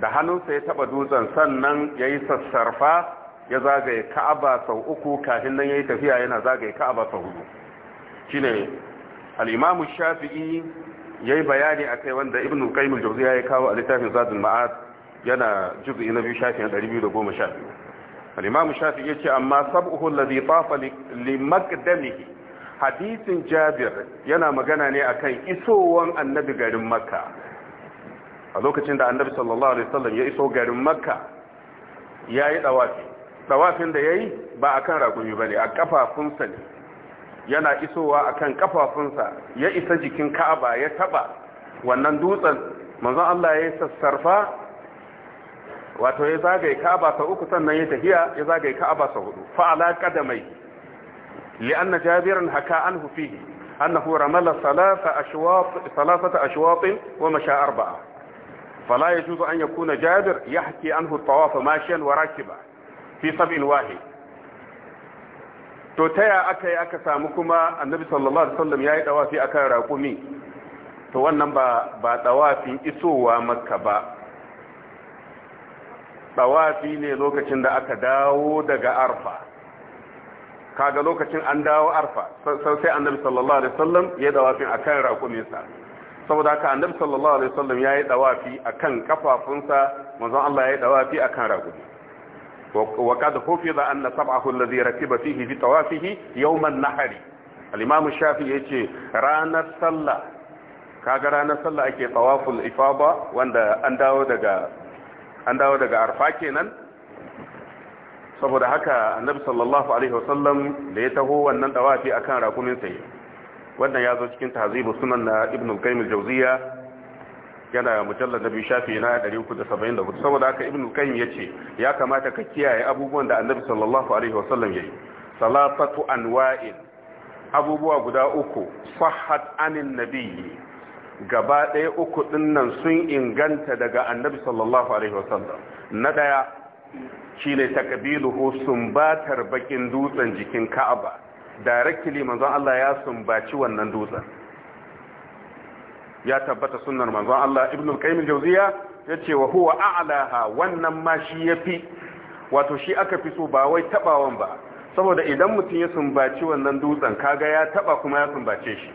da hannunsa ya taba dutsen sannan ya yi sassarfa ya zagaye ka'aba sau uku kafin nan ya yi tafiya yana zagaye ka'aba sau hudu shine ne imam shafi'i yi bayani a kai wanda ibn qayyim al ya ya kawo a littafin zadul ma'ad yana juz'i na biyu shafin 212 al-imam shafi'i ce amma sab'uhu lazi tafa limakdamihi hadisin jabir yana magana ne akan isowan annabi garin makka a lokacin da annabi sallallahu alaihi wasallam ya iso garin makka yi dawafi dawafin da yayi ba a akan rakumi ne a kafafunsa ne yana isowa akan kafafunsa ya isa jikin Ka'aba ya taba wannan dutsen manzon Allah ya sassarfa wato ya zagaye Ka'aba sau uku sannan ya tafiya ya zagaye Ka'aba sau hudu fa mai qadamai li'anna jabirin haka an fihi annahu ramala salasa ashwaq salasata ashwaq wa sha arba'a ya يجوز أن يكون an يحكي عنه الطواف ماشيا وراكبا fi sab'il wahid to taya aka yi aka samu kuma annabi sallallahu alaihi wasallam yayi dawafi akan raƙumi to wannan ba ba dawafin isowa makka ba dawafi ne lokacin da aka dawo daga arfa kaga lokacin an dawo arfa sai annabi sallallahu alaihi wasallam ya dawafin akan raƙuminsa saboda haka annabi sallallahu alaihi wasallam yayi dawafi akan kafafunsa manzon Allah yayi dawafi akan raƙumi وقد حفظ أن سبعه الذي ركب فيه في طوافه يوم النحر الإمام الشافعي يجي رانا صلى kaga ranar sallah ake tawaful ifaba wanda an dawo daga an dawo arfa kenan saboda haka annabi sallallahu alaihi wasallam da ya taho wannan tawafi akan rakumin sai wannan ya zo cikin tahzibu sunan na ibn Jauziya. yana mujallar da biyu shafi na 374 saboda haka ibn qayyim yace ya kamata ka kiyaye abubuwan da annabi sallallahu alaihi wasallam yayi salatatu anwa'in abubuwa guda uku sahhat anin nabiyyi gaba ɗaya uku dinnan sun inganta daga annabi sallallahu alaihi wasallam na daya shine takbiluhu sumbatar bakin dutsen jikin ka'aba directly manzon Allah ya sumbaci wannan dutsen ya tabbata sunnar manzon Allah ibn al-qayyim al-jawziya yace wa huwa a'laha wannan ma shi yafi wato shi aka fi so ba wai tabawan ba saboda idan mutum ya sumbaci wannan dutsen kaga ya taba kuma ya sumbace shi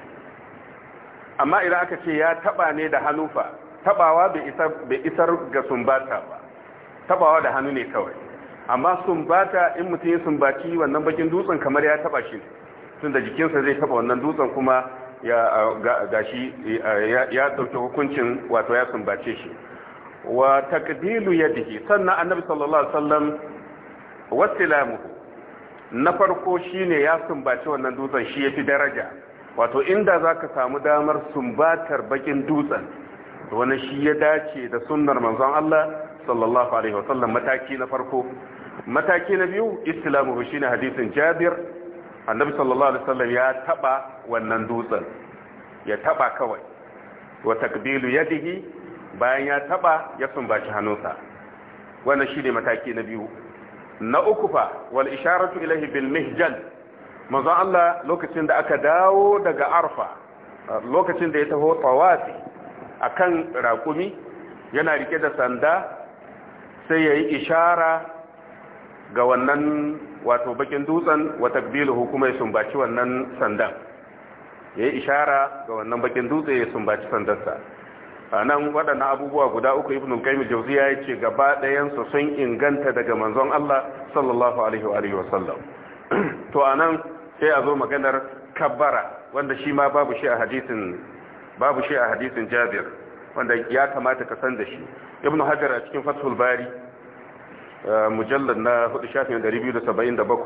amma idan aka ce ya taba ne da hannu fa tabawa bai isar bai isar ga sumbata ba tabawa da hannu ne kawai amma sumbata in mutum ya sumbaci wannan bakin dutsen kamar ya taba shi tunda jikinsa zai taba wannan dutsen kuma ya gashi ya dauki hukuncin wato ya sumbace shi wa taqdilu yadihi sannan annabi sallallahu alaihi wasallam wasilamuhu na farko shine ya sumbace wannan dutsen shi yafi daraja wato inda zaka samu damar sumbatar bakin dutsen wani shi ya dace da sunnar manzon Allah sallallahu alaihi wasallam mataki na farko mataki na biyu islamuhu shine hadisin Jabir annabi sallallahu alaihi wasallam ya taba wannan dutsen ya taba kawai wa takbilu yadihi bayan ya taba ya sumbaci hannunsa wannan shine mataki na biyu na uku fa wal isharatu ilaihi bil mihjal manzo Allah lokacin da aka dawo daga arfa lokacin da ya taho tawafi akan raƙumi yana rike da sanda sai yayi ishara ga wannan wato bakin dutsen wa takbiluhu hukuma ya sumbaci wannan sandan ya yi ishara ga wannan bakin dutse ya sumbaci sandansa a nan waɗannan abubuwa guda uku ibn al jauzi ya ce gaba ɗayansu sun inganta daga manzon Allah sallallahu alaihi wa alihi wasallam to a nan sai a zo maganar kabbara wanda shi ma babu shi a hadisin babu Jabir wanda ya kamata ka san da shi ibn hajar a cikin fathul bari mujallar na 4 shafin 277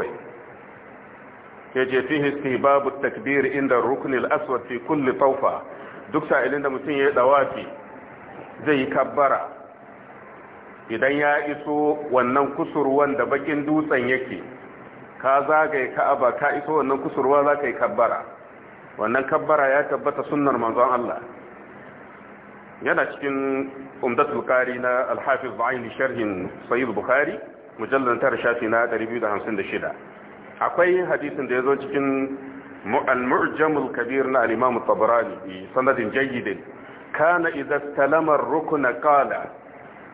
ke je fi hiski babu takbir inda rukunin aswad fi kulli taufa duk sa'ilin da mutum ya yi dawafi zai yi kabbara idan ya iso wannan kusurwan da bakin dutsen yake ka zagaye ka'aba ka iso wannan kusurwa za ka yi kabbara wannan kabbara ya tabbata sunnar manzon Allah yana cikin umdatul qari na alhafiz hafiz sharhin sahih bukhari mujallar tara shafi na 256 akwai hadisin da ya zo cikin al-mu'jam kabir na al-imam at sanadin jayyidin kana idza talama ar-rukna qala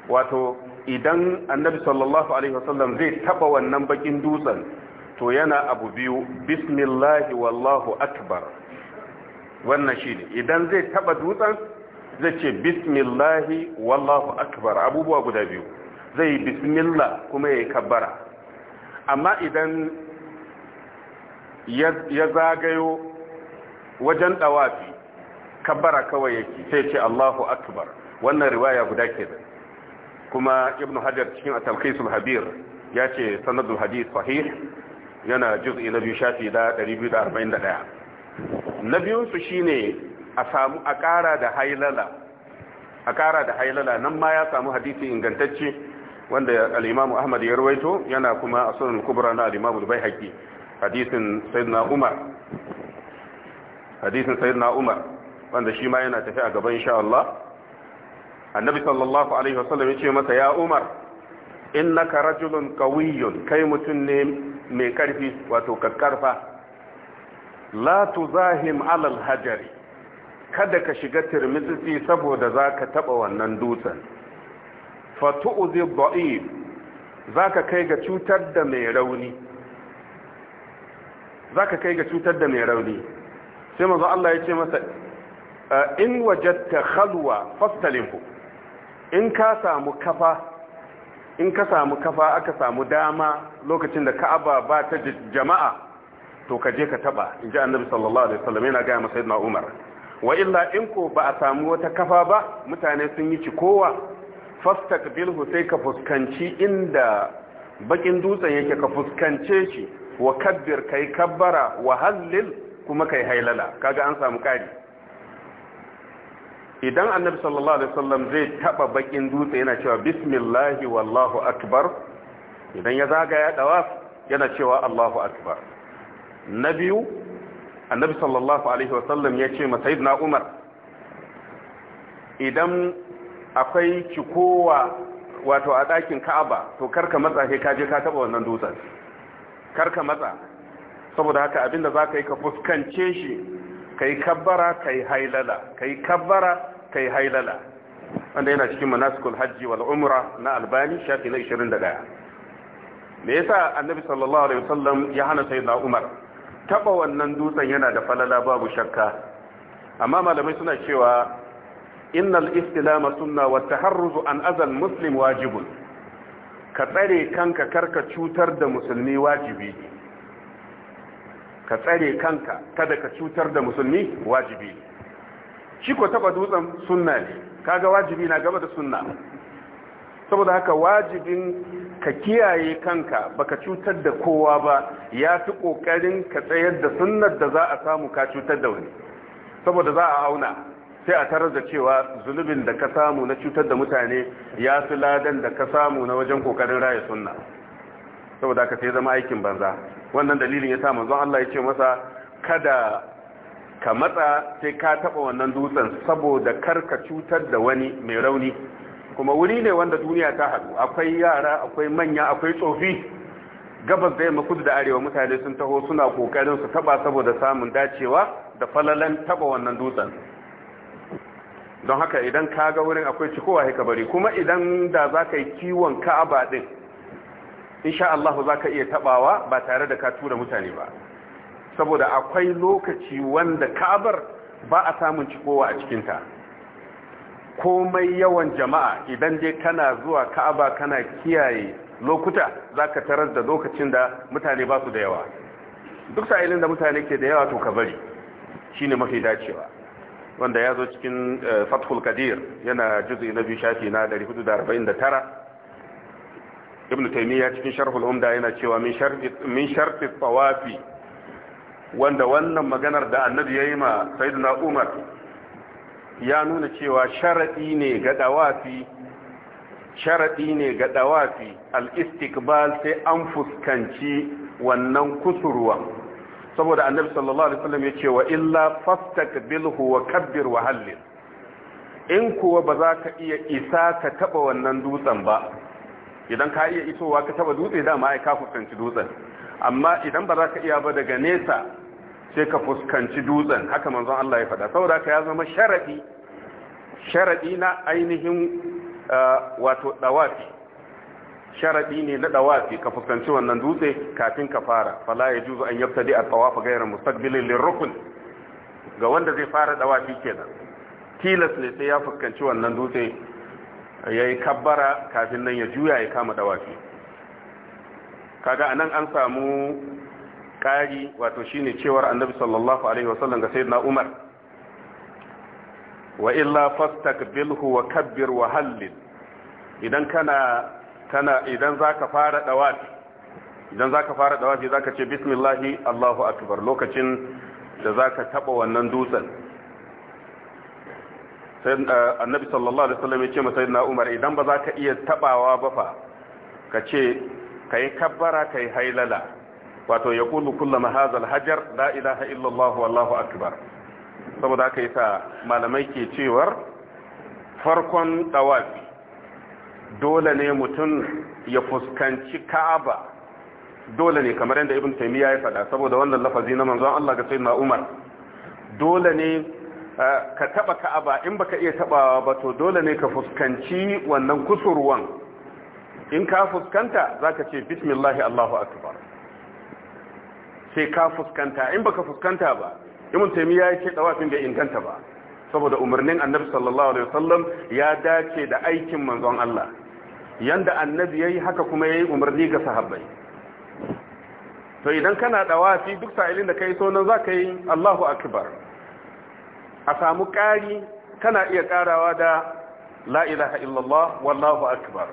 wato idan annabi sallallahu alaihi wasallam zai taba wannan bakin dutsen to yana abu biyu bismillahi wallahu akbar wannan shine idan zai taba dutsen zai ce bismillahi wallahu akbar abubuwa guda biyu zai bismillah kuma ya yi kabbara amma idan ya zagayo wajen dawafi kabbara kawai yake sai ce allahu akbar wannan riwaya guda ke kuma ibn hajar cikin a talkisul habir ya ce sanadul hadith sahih yana juz'i na biyu shafi da 241 na biyunsu shine a samu a ƙara da hailala a ƙara da hailala nan ma ya samu hadisi ingantacce wanda Alimamu Ahmad ya rawaito yana kuma a sunan kubra na Alimamu imam al hadisin Sayyidina Umar hadisin Sayyidina Umar wanda shi ma yana tafi a gaban insha Allah annabi sallallahu alaihi wasallam ya ce masa ya Umar innaka rajulun qawiyyun kai mutun ne mai karfi wato kakkarfa la tuzahim alal hajari kada ka shiga tirmidhi saboda za ka taba wannan dutsen fatu'udhi za ka kai ga cutar da mai rauni za ka kai ga cutar da mai rauni sai mazu Allah ya ce masa in wajadta khalwa fastalimhu in ka samu kafa in ka samu kafa aka samu dama lokacin da ka'aba ba ta jama'a to ka je ka taba in ji annabi sallallahu alaihi wasallam yana ga masa sayyidina Umar wa illa in ko ba a samu wata kafa ba mutane sun yi cikowa fastaqbilhu sai ka fuskanci inda bakin dutsen yake ka fuskance shi wa kabbir kai kabbara wa hallil kuma kai hailala kaga an samu kari idan annabi sallallahu alaihi wasallam zai taba bakin dutse yana cewa bismillahi wallahu akbar idan ya zaga ya dawa yana cewa allahu akbar na biyu annabi sallallahu alaihi wasallam ya ce masayid na umar idan akwai cikowa wato a ɗakin ka'aba to karka matsa sai ka je ka taɓa wannan dutsen karka matsa saboda haka abinda za ka yi ka fuskance shi ka yi kabbara ka yi hailala ka yi kabbara ka yi hailala wanda yana cikin manasikul hajji wal umra na albani shafi na 21 me yasa annabi sallallahu alaihi wasallam ya hana sayyidina umar taba wannan dutsen yana da falala babu shakka amma malamai suna cewa innal istilama sunna wa taharruzu an azal muslim wajibun ka tsare kanka karka cutar da musulmi wajibi ka tsare kanka kada ka cutar da musulmi wajibi shi ko taba dutsen sunna ne kaga wajibi na gaba da sunna saboda haka wajibin ka kiyaye kanka baka cutar da kowa ba ya fi ƙoƙarin ka tsayar da sunnar da za a samu ka cutar da wani saboda za a auna sai a tarar da cewa zunubin da ka samu na cutar da mutane ya fi ladan da ka samu na wajen ƙoƙarin raya sunna saboda ka sai zama aikin banza wannan dalilin ya sa manzon Allah ya ce masa kada ka matsa sai ka taɓa wannan dutsen saboda kar ka cutar da wani mai rauni kuma wuri ne wanda duniya ta haɗu akwai yara akwai manya akwai tsofi gabas da yamma kudu da arewa mutane sun taho suna kokarin su taba saboda samun dacewa da falalan taba wannan dutsen don haka idan ka ga wurin akwai cikowa haka bari kuma idan da za ka yi kiwon ka'aba din insha Allah za ka iya tabawa ba tare da ka tura mutane ba saboda akwai lokaci wanda ka'abar ba a samun cikowa a cikinta komai yawan jama'a idan dai kana zuwa ka'aba kana kiyaye lokuta zaka tarar da lokacin da mutane ba su da yawa duk sa'ilin da mutane ke da yawa to ka bari shine mafi dacewa wanda ya zo cikin eh, fathul kadir yana juzu na biyu shafi na 449 ibn taymiya cikin sharhul umda yana cewa min sharti min wanda wannan maganar da annabi yi ma sayyidina umar ya nuna cewa sharaɗi ne ga ɗawafi sharaɗi ne ga ɗawafi al'istikbal sai an fuskanci wannan kusurwa saboda annabi sallallahu alaihi wasallam ya ce wa illa fastakbilhu wa kabbir wa hallil in kuwa ba za ka iya isa ka taba wannan dutsen ba idan ka iya isowa ka taba dutse dama ai ka fuskanci dutsen amma idan ba za ka iya ba daga nesa sai ka fuskanci dutsen haka manzon Allah ya faɗa saboda ka ya zama sharadi sharadi na ainihin uh, wato dawafi sharadi ne na dawafi ka fuskanci wannan dutse kafin ka fara fala ya juzu an yabtadi at-tawaf ghayra mustaqbilin lirukn ga wanda zai fara dawafi kenan tilas ne sai ya fuskanci wannan dutse yayi kabbara kafin nan ya juya ya kama dawafi kaga anan an samu Kari wato shine cewar annabi sallallahu alaihi wasallam ga sayyidina umar wa illa fastaqbilhu wa kabbir wa hallil idan kana kana idan zaka fara dawafi idan zaka fara dawafi zaka ce bismillah Allahu akbar lokacin da zaka taba wannan dutsen eh, annabi sallallahu alaihi wasallam ya ce ma sayyidina umar idan ba zaka iya tabawa ba fa ka ce kai kabbara kai hailala wato ya kulu kulla hazal hajar lailaha ilaha illallah wallahu akbar saboda yi yasa malamai ke cewar farkon tawafi dole ne mutum ya fuskanci ka'aba dole ne kamar yadda ibn taymiya ya faɗa saboda wannan lafazi na manzon Allah ga na Umar dole ne eh, ka taba ka'aba in baka iya tabawa ba to dole ne ka fuskanci wannan kusurwan in ka fuskanta zaka ce bismillah Allahu akbar sai ka fuskanta in baka fuskanta ba imin taimi ya yi ce tsawafin bai inganta ba saboda umarnin annabi sallallahu alaihi wasallam ya dace da aikin manzon Allah yanda annabi yayi haka kuma ya yi umarni ga sahabbai to idan kana dawafi duk sa'ilin da kai so nan zaka yi Allahu akbar a samu ƙari kana iya ƙarawa da la ilaha illallah wallahu akbar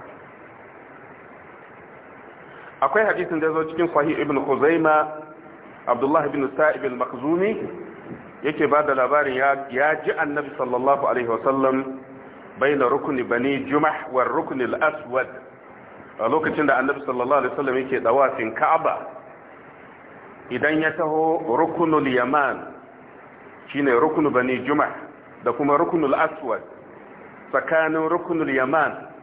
akwai hadisin da zo cikin sahih ibn khuzaima abdullahi bin sa'ib al-makhzumi yake ba da labarin ya ji annabi sallallahu alaihi wasallam baina rukuni bani jumah wa rukuni al a lokacin da annabi sallallahu alaihi wasallam yake dawafin ka'aba idan ya taho rukunul shi shine rukunu bani jumah da kuma rukunul aswad tsakanin rukunul yaman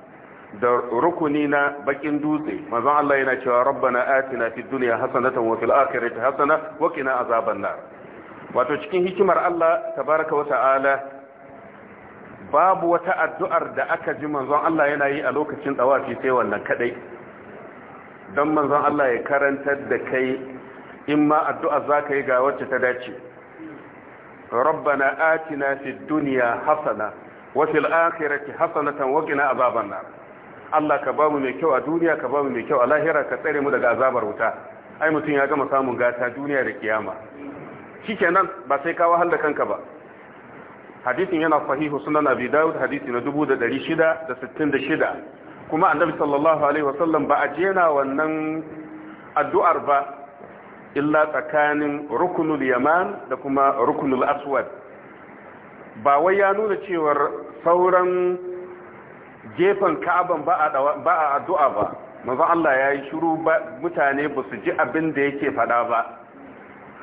da rukuni na bakin dutse manzon Allah yana cewa rabbana atina fid dunya hasanatan wa fil akhirati hasana wa qina azaban nar wato cikin hikimar Allah tabaraka wa ta'ala babu wata addu'ar da aka ji manzon Allah yana yi a lokacin dawafi sai wannan kadai dan manzon Allah ya karantar da kai in ma addu'a zaka yi ga wacce ta dace rabbana atina fid dunya hasana wa fil akhirati hasanatan wa qina azaban nar Allah ka ba mu mai kyau a duniya ka ba mu mai kyau a lahira ka tsare mu daga azabar wuta ai mutum ya gama samun gata duniya da kiyama shikenan ba sai ka wahal da kanka ba hadisin yana sahihu sunan abi daud hadisi na 1666 kuma annabi sallallahu alaihi wasallam ba a jena wannan addu'ar ba illa tsakanin rukunul yaman da kuma rukunul aswad ba wai ya nuna cewar sauran gefen ka'aban ba a addu'a ba maza Allah ya yi shuru mutane ba su ji abin da yake fada ba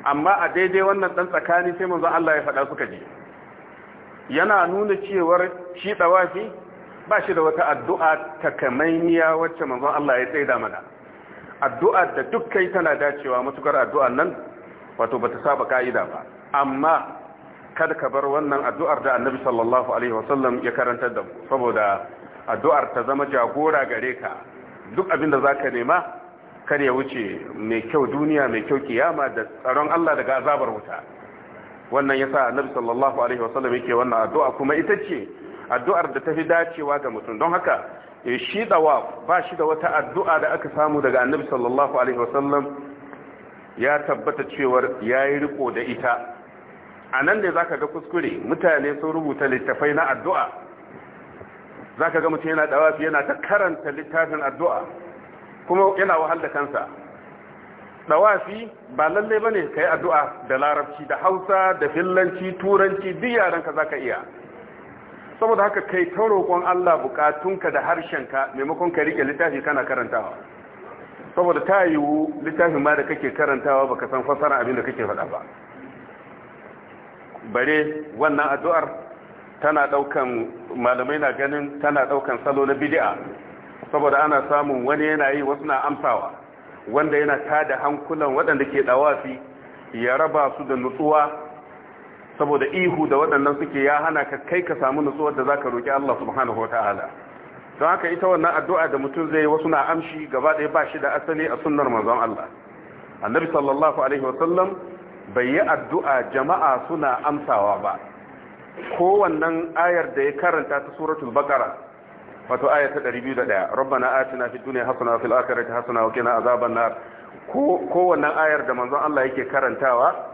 amma a daidai wannan ɗan tsakani sai maza Allah ya fada suka ji yana nuna cewar shi ɗawafi ba shi da wata addu'a ta takamaimiya wacce maza Allah ya tsaida mana addu'a da dukkan tana dacewa matukar addu'a nan wato ba saba ka'ida ba amma kada ka bar wannan addu'ar da annabi sallallahu alaihi wasallam ya karantar da saboda addu'ar ta zama jagora gare ka duk abin da za ka nema kar ya wuce mai kyau duniya mai kyau kiyama da tsaron Allah daga azabar wuta wannan yasa annabi sallallahu alaihi wasallam yake wannan addu'a kuma ita ce addu'ar da tafi dacewa ga mutum don haka eh, shi dawa ba shi da wata addu'a da aka samu daga annabi sallallahu alaihi wasallam ya tabbata cewar yayi riko da ita a nan ne zaka ga kuskure mutane sun rubuta littafai na addu'a za ka ga mutum yana dawafi yana ta karanta littafin addu'a kuma yana wahal da kansa dawafi ba lallai ba ne ka yi addu'a da larabci da hausa da fillanci turanci duk ka za ka iya saboda haka kai ta roƙon allah bukatunka da harshenka maimakon ka riƙe littafi kana karantawa saboda ta yiwu littafin ma da kake karantawa baka san fasara abin da kake faɗa ba bare wannan addu'ar tana daukan malamai na ganin tana daukan salo na bid'a saboda ana samun wani yana yi wasu na amsawa wanda yana tada hankulan waɗanda ke dawafi ya raba su da nutsuwa saboda ihu da waɗannan suke ya hana ka kai ka samu nutsuwar da zaka roki Allah subhanahu wataala don haka ita wannan addu'a da mutum zai wasu na amshi gaba ɗaya ba shi da asali a sunnar manzon Allah annabi sallallahu alaihi wasallam bai yi addu'a jama'a suna amsawa ba kowannan ayar da ya karanta ta suratul baqara wato aya ta 201 rabbana atina fid dunya hasana fil akhirati hasana wa qina azaban nar kowannan ayar da manzon Allah yake karantawa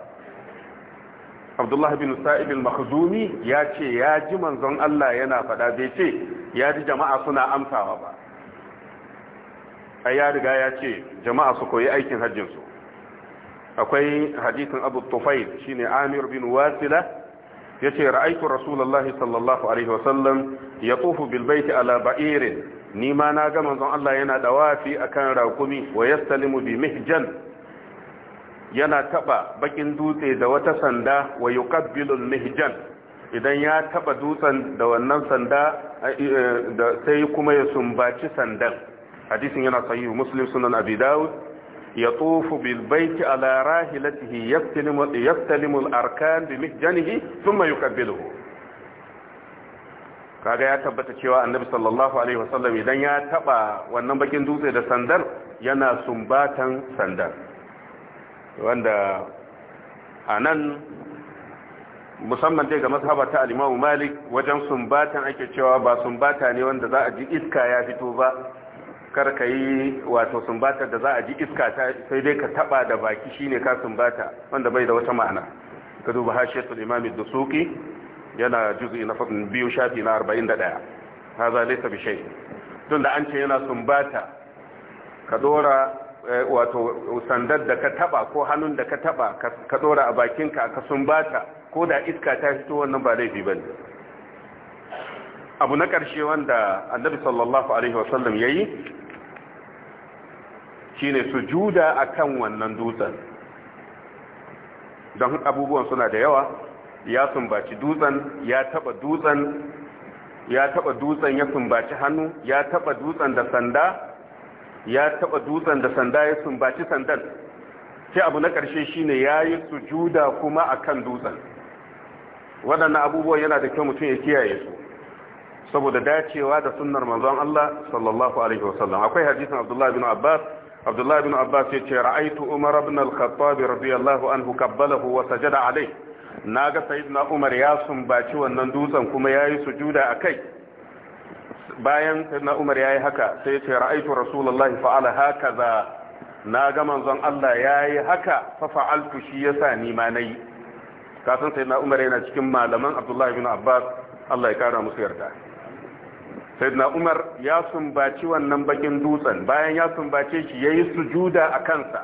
Abdullah bin Sa'id al-Makhzumi ya ce ya ji manzon Allah yana faɗa bai ce ya ji jama'a suna amsawa ba ai ya riga ya ce jama'a su koyi aikin hajjin su akwai hadisin Abu Tufail shine Amir bin Wasila Ya ce rasulullahi sallallahu alaihi wasallam yatufu bil baiti ala ba'irin ni ma na ga manzon Allah yana a kan rakumi wa yastalimu bi mihjan yana taba bakin dutse da wata sanda wa yuqabbilu mihjan idan ya taba dutsen da wannan sanda eh, eh, sai kuma ya sumbaci sandan hadisin yana sahihu muslim sunan abi dawud يطوف بالبيت على راحلته يستلم يستلم الاركان sun ثم يقبله kaga ya tabbata cewa annabi sallallahu alaihi wasallam idan ya taba wannan bakin dutse da sandar yana sumbatan sandar wanda anan musamman dai ga masu ta al Malik wajen sumbatan ake cewa ba sumbata ne wanda za a ji iska ya fito ba kar ka yi wato sumbata da za a ji iska sai dai ka taba da baki shine ka sumbata wanda bai da wata ma'ana ka duba hashiyatul imam ad-dusuki yana na fadin biyu shafi na 41 haza laysa bi shay tun da an ce yana sumbata ka dora eh, wato sandar da ka taba ko hannun da ka taba ka dora a bakinka ka sumbata ko da iska ta fito wannan ba laifi bane abu na ƙarshe wanda annabi sallallahu alaihi wasallam ya yi shi ne su juda a kan wannan dutsen don abubuwan suna da yawa ya sumbaci dutsen ya taba dutsen ya taba dutsen ya sumbaci hannu ya taba dutsen da sanda ya taba dutsen da sanda ya sumbaci sandan sai abu na ƙarshe shi ne ya yi su juda kuma a kan dutsen waɗannan abubuwan yana da kyau mutum ya kiyaye su saboda dacewa da sunnar manzon Allah sallallahu alaihi wasallam akwai hadisin Abdullah bin Abbas Abdullah bin Abbas ya ce ra'aitu Umar ibn al-Khattab radiyallahu anhu kabbalahu wa sajada alai naga sayyidina Umar ya sumbaci wannan dutsen kuma yayi sujuda akai bayan sayyidina Umar yayi haka sai ya ce ra'aitu Rasulullahi fa'ala hakaza naga manzon Allah yayi haka fa fa'altu shi yasa ni ma nayi kasan sayyidina Umar yana cikin malaman Abdullah bin Abbas Allah ya kara musu yarda sayyidina umar ya sumbaci wannan bakin dutsen bayan ya sumbace shi yayi sujuda a kansa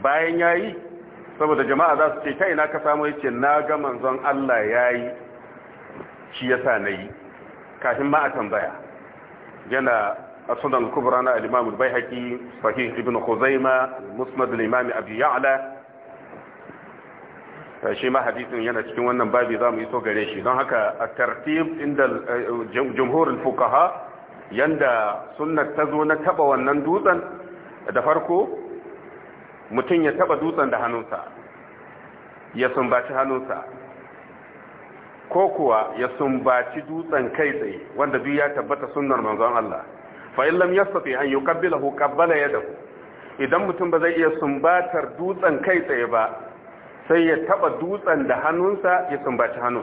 bayan yayi saboda jama'a za su ce kai ina ka samu yace na ga manzon Allah yayi shi yasa nayi kafin ma a tambaya yana asudan kubra na al-imam al bayhaqi sahih ibn khuzaimah musnad al-imam abi ya'la shi ma hadisin yana cikin wannan babi za mu iso gare shi don haka a tartib inda eh, jumhurin fukaha yanda sunnar ta zo na taba wannan dutsen da farko mutum ya taba dutsen da hannunsa ya sumbaci hannunsa ko kuwa ya sumbaci dutsen kai tsaye wanda biyu ya tabbata sunnar manzon Allah fa in lam yastati an yuqabbilahu qabbala yadahu idan mutum ba zai iya sumbatar dutsen kai tsaye ba sai ya taba dutsen da hannunsa ya sumbaci hannun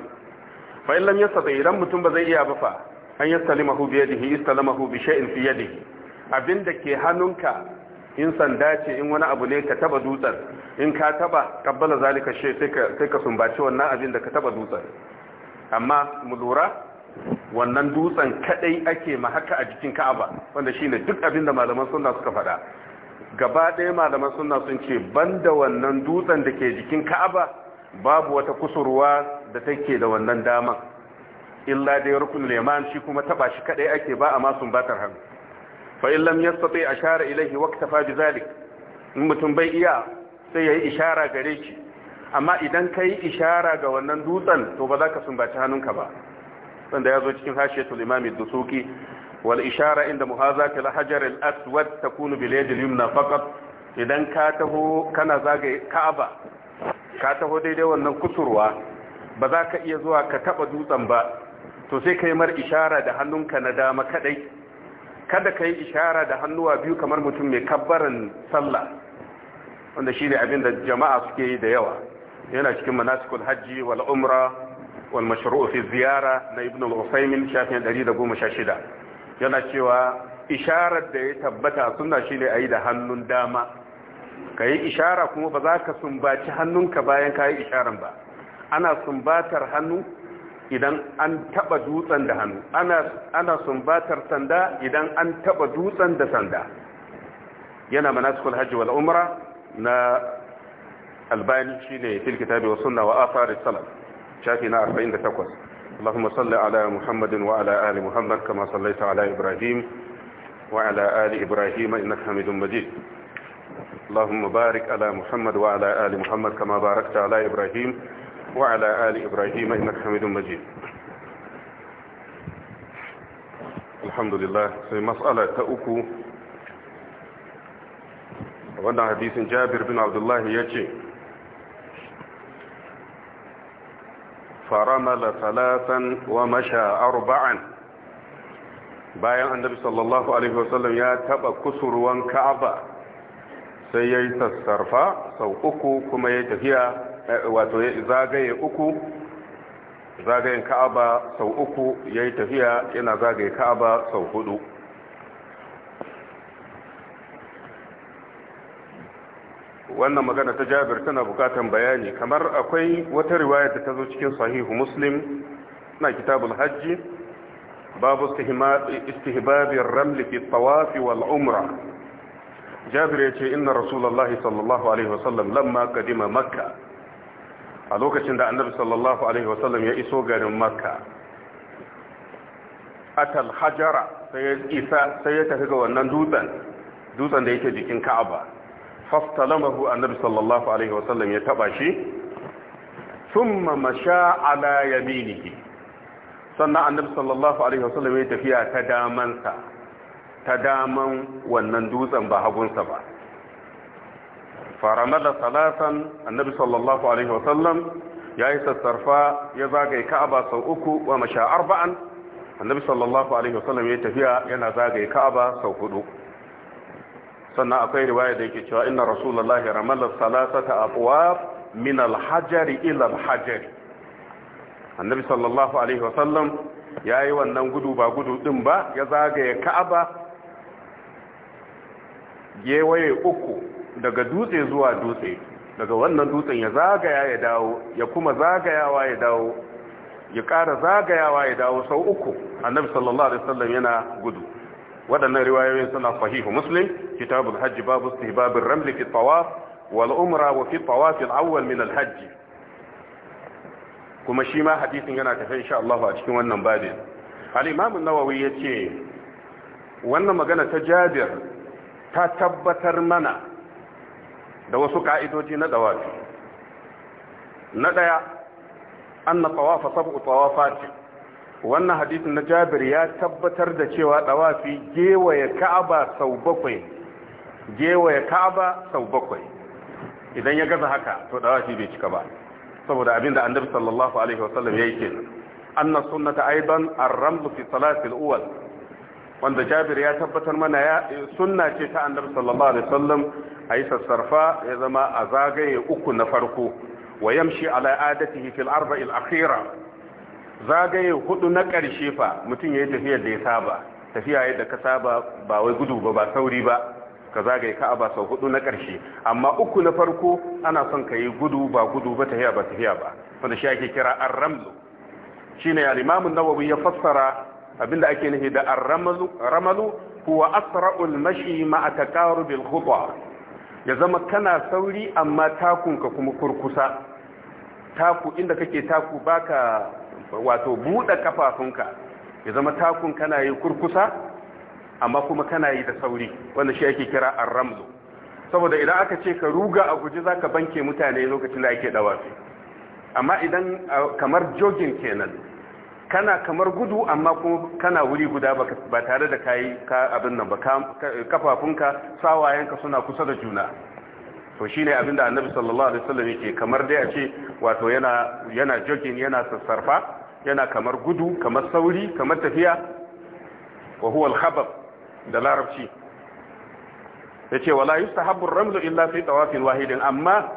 fa in lam idan mutum ba zai iya ba fa an yastalimahu bi yadihi istalamahu bi shay'in fi yadihi abinda ke hannunka in sanda ce in wani abu ne ka taba dutsen in ka taba kabbala zalika shay sai ka sai ka sumbaci wannan abin da ka taba dutsen amma mu lura wannan dutsen kadai ake ma haka a jikin Ka'aba wanda shine duk abin da malaman sunna suka faɗa gaba ɗaya malaman suna sun ce banda wannan dutsen da ke jikin ka'aba babu wata kusurwa da take da wannan dama illa dai rukun liman shi kuma taba shi kadai ake ba a masun batar hannu fa in yastati ashara ilayhi waqtafa bi in mutum bai iya sai yayi ishara gare shi amma idan kai ishara ga wannan dutsen to ba za ka sumbaci hannunka ba sanda ya zo cikin hashiyatul imam da dusuki wal ishara inda muhazati al-hajar al-aswad takunu bil yad idan ka kana zagaye ka'aba ka daidai wannan kusurwa ba za ka iya zuwa ka taɓa dutsen ba to sai kai mar ishara da hannunka na dama kadai kada ka yi ishara da hannuwa biyu kamar mutum mai kabbaran sallah wanda shine abin da jama'a suke da yawa yana cikin manasikul hajji wal umra wal mashru'u fi ziyara na ibn al-usaymin shafin 116 yana cewa isharar da ya tabbata suna shi ne a yi da hannun dama ka yi ishara kuma ba za ka sumbaci hannunka bayan ka yi isharan ba ana sumbatar hannu idan an taba dutsen da hannu ana sumbatar sanda idan an taba dutsen da sanda yana manasikul hajji wal umra na albayanci ne fil kitabi wa sunna wa shafi na 48 اللهم صل على محمد وعلى آل محمد كما صليت على إبراهيم وعلى آل إبراهيم إنك حميد مجيد اللهم بارك على محمد وعلى آل محمد كما باركت على إبراهيم وعلى آل إبراهيم إنك حميد مجيد الحمد لله في مسألة تأكو وانا حديث جابر بن عبد الله يجي فرمل ثلاثا ومشى أربعا bayan annabi sallallahu alaihi wasallam ya taɓa kusurwan ka'aba sai ya yi sassarfa sau uku kuma ya tafiya wato ya uku zagayen ka'aba sau uku ya tafiya yana zagaye ka'aba sau huɗu. wannan magana ta jabir tana bukatan bayani kamar akwai wata riwaya da ta zo cikin sahihu muslim na kitabul hajji babu istihbabin ramli fi tawafi wal umra jabir ya ce inna Rasulallah sallallahu alaihi wasallam lamma kadima makka a lokacin da annabi sallallahu alaihi wasallam ya iso garin makka atal hajara sai ya tafi ga wannan dutsen dutsen da yake jikin ka'aba fastalamahu annabi sallallahu alaihi wasallam ya taba shi thumma masha ala yaminihi sannan annabi sallallahu alaihi wasallam ya tafiya ta sa ta daman wannan dutsen ba hagunsa ba faramada salatan annabi sallallahu alaihi wasallam ya yi sassarfa ya zagaye ka'aba sau uku wa masha arba'an annabi sallallahu alaihi wasallam ya tafiya yana zagaye ka'aba sau hudu sannan akwai riwaya da yake cewa inna rasulullahi ramalla salasata abwab min alhajari hajari ila al-hajari annabi sallallahu alaihi wasallam yi wannan gudu ba gudu din ba ya zagaye ka'aba gewaye uku daga dutse zuwa dutse daga wannan dutsen ya zagaya ya dawo ya kuma zagayawa ya dawo ya ƙara zagayawa ya dawo sau uku annabi sallallahu alaihi wasallam yana gudu waɗannan riwayoyin suna sahihu muslim kitabul hajji babu istihbabir ramli fi tawaf wal umra wa fi tawaf al awwal min al hajji kuma shi ma hadisin yana tafe insha Allah a cikin wannan babin al imam an-nawawi yace wannan magana ta Jabir ta tabbatar mana da wasu ka'idoji na dawafi na daya anna tawaf sab'u tawafat wannan hadisin na jabir ya tabbatar da cewa dawafi gewaye ka'aba sau bakwai gewaye ka'aba sau bakwai idan ya gaza haka to dawafi bai cika ba saboda abinda annabi sallallahu alaihi wasallam yayi kenan anna sunnata aidan ar-raml fi salati al-awwal wanda jabir ya tabbatar mana ya sunna ce ta annabi sallallahu alaihi wasallam ayi sassarfa ya zama a zagaye uku na farko wa yamshi ala adatihi fil arba'i al-akhirah zagaye hudu na ƙarshe fa mutum ya yi tafiyar da ya saba tafiya yadda ka saba ba wai gudu ba ba sauri ba ka zagaye ka'aba sau hudu na ƙarshe amma uku na farko ana son ka yi gudu ba gudu ba tafiya ba tafiya ba wanda shi ake kira an ramlu Shi ne Alimamin nawawi ya fassara abin da ake nufi da an ramlu ramalu asra'ul mashi ma'a taqarubil khutwa ya zama kana sauri amma takunka kuma kurkusa taku inda kake taku baka wato buɗe kafafunka ya zama takun kana yi kurkusa amma kuma kana yi da sauri wanda shi ake kira arramzu saboda idan aka ce ka ruga a guji zaka banke mutane lokacin da ake dawafi amma idan kamar jogin kenan kana kamar gudu amma kuma kana wuri guda ba tare da kayi abin nan ba kafafunka sawayenka suna kusa da juna to shine abinda annabi sallallahu alaihi wasallam yake kamar dai a ce wato yana yana yana sassarfa yana kamar gudu kamar sauri kamar tafiya wa huwa al-khabab da larabci yace wala yustahabbu ar-ramlu illa fi tawafin wahidin amma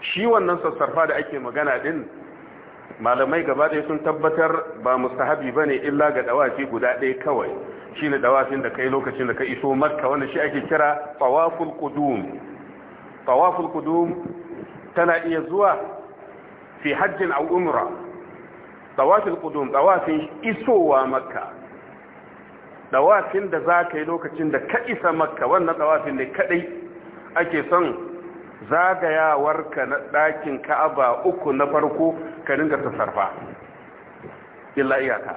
shi wannan sassarfa da ake magana din malamai gaba ɗaya sun tabbatar ba mustahabi bane illa ga dawafi guda ɗaya kawai shine dawafin da kai lokacin da ka iso makka wanda shi ake kira tawaful qudum tawaful qudum tana iya zuwa fi hajjin aw umra Tawafin qudum tawafin isowa makka tawafin da zaka yi lokacin da ka isa makka wannan tawafin ne kadai ake son zagayawarka na ɗakin ka'aba uku na farko ka dinga sassarfa illa iyaka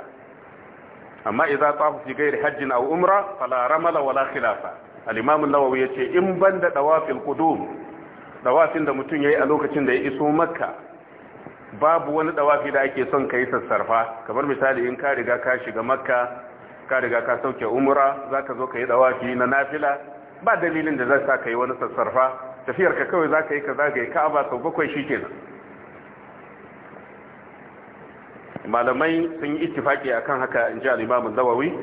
amma idza tafu fi ghairi hajjin aw umra fala ramala wala khilafa al-imam an-nawawi yace in banda dawafil qudum dawafin da mutum yayi a lokacin da ya iso makka babu wani dawafi da ake son kai sassarfa kamar misali in ka riga ka shiga makka ka riga ka sauke umra zaka zo kai dawafi na nafila ba dalilin da zai sa kai wani sassarfa tafiyar ka kawai zaka yi ka zagaye ka'aba sau bakwai shikenan malamai sun yi ittifaki akan haka in ji al-imam an-nawawi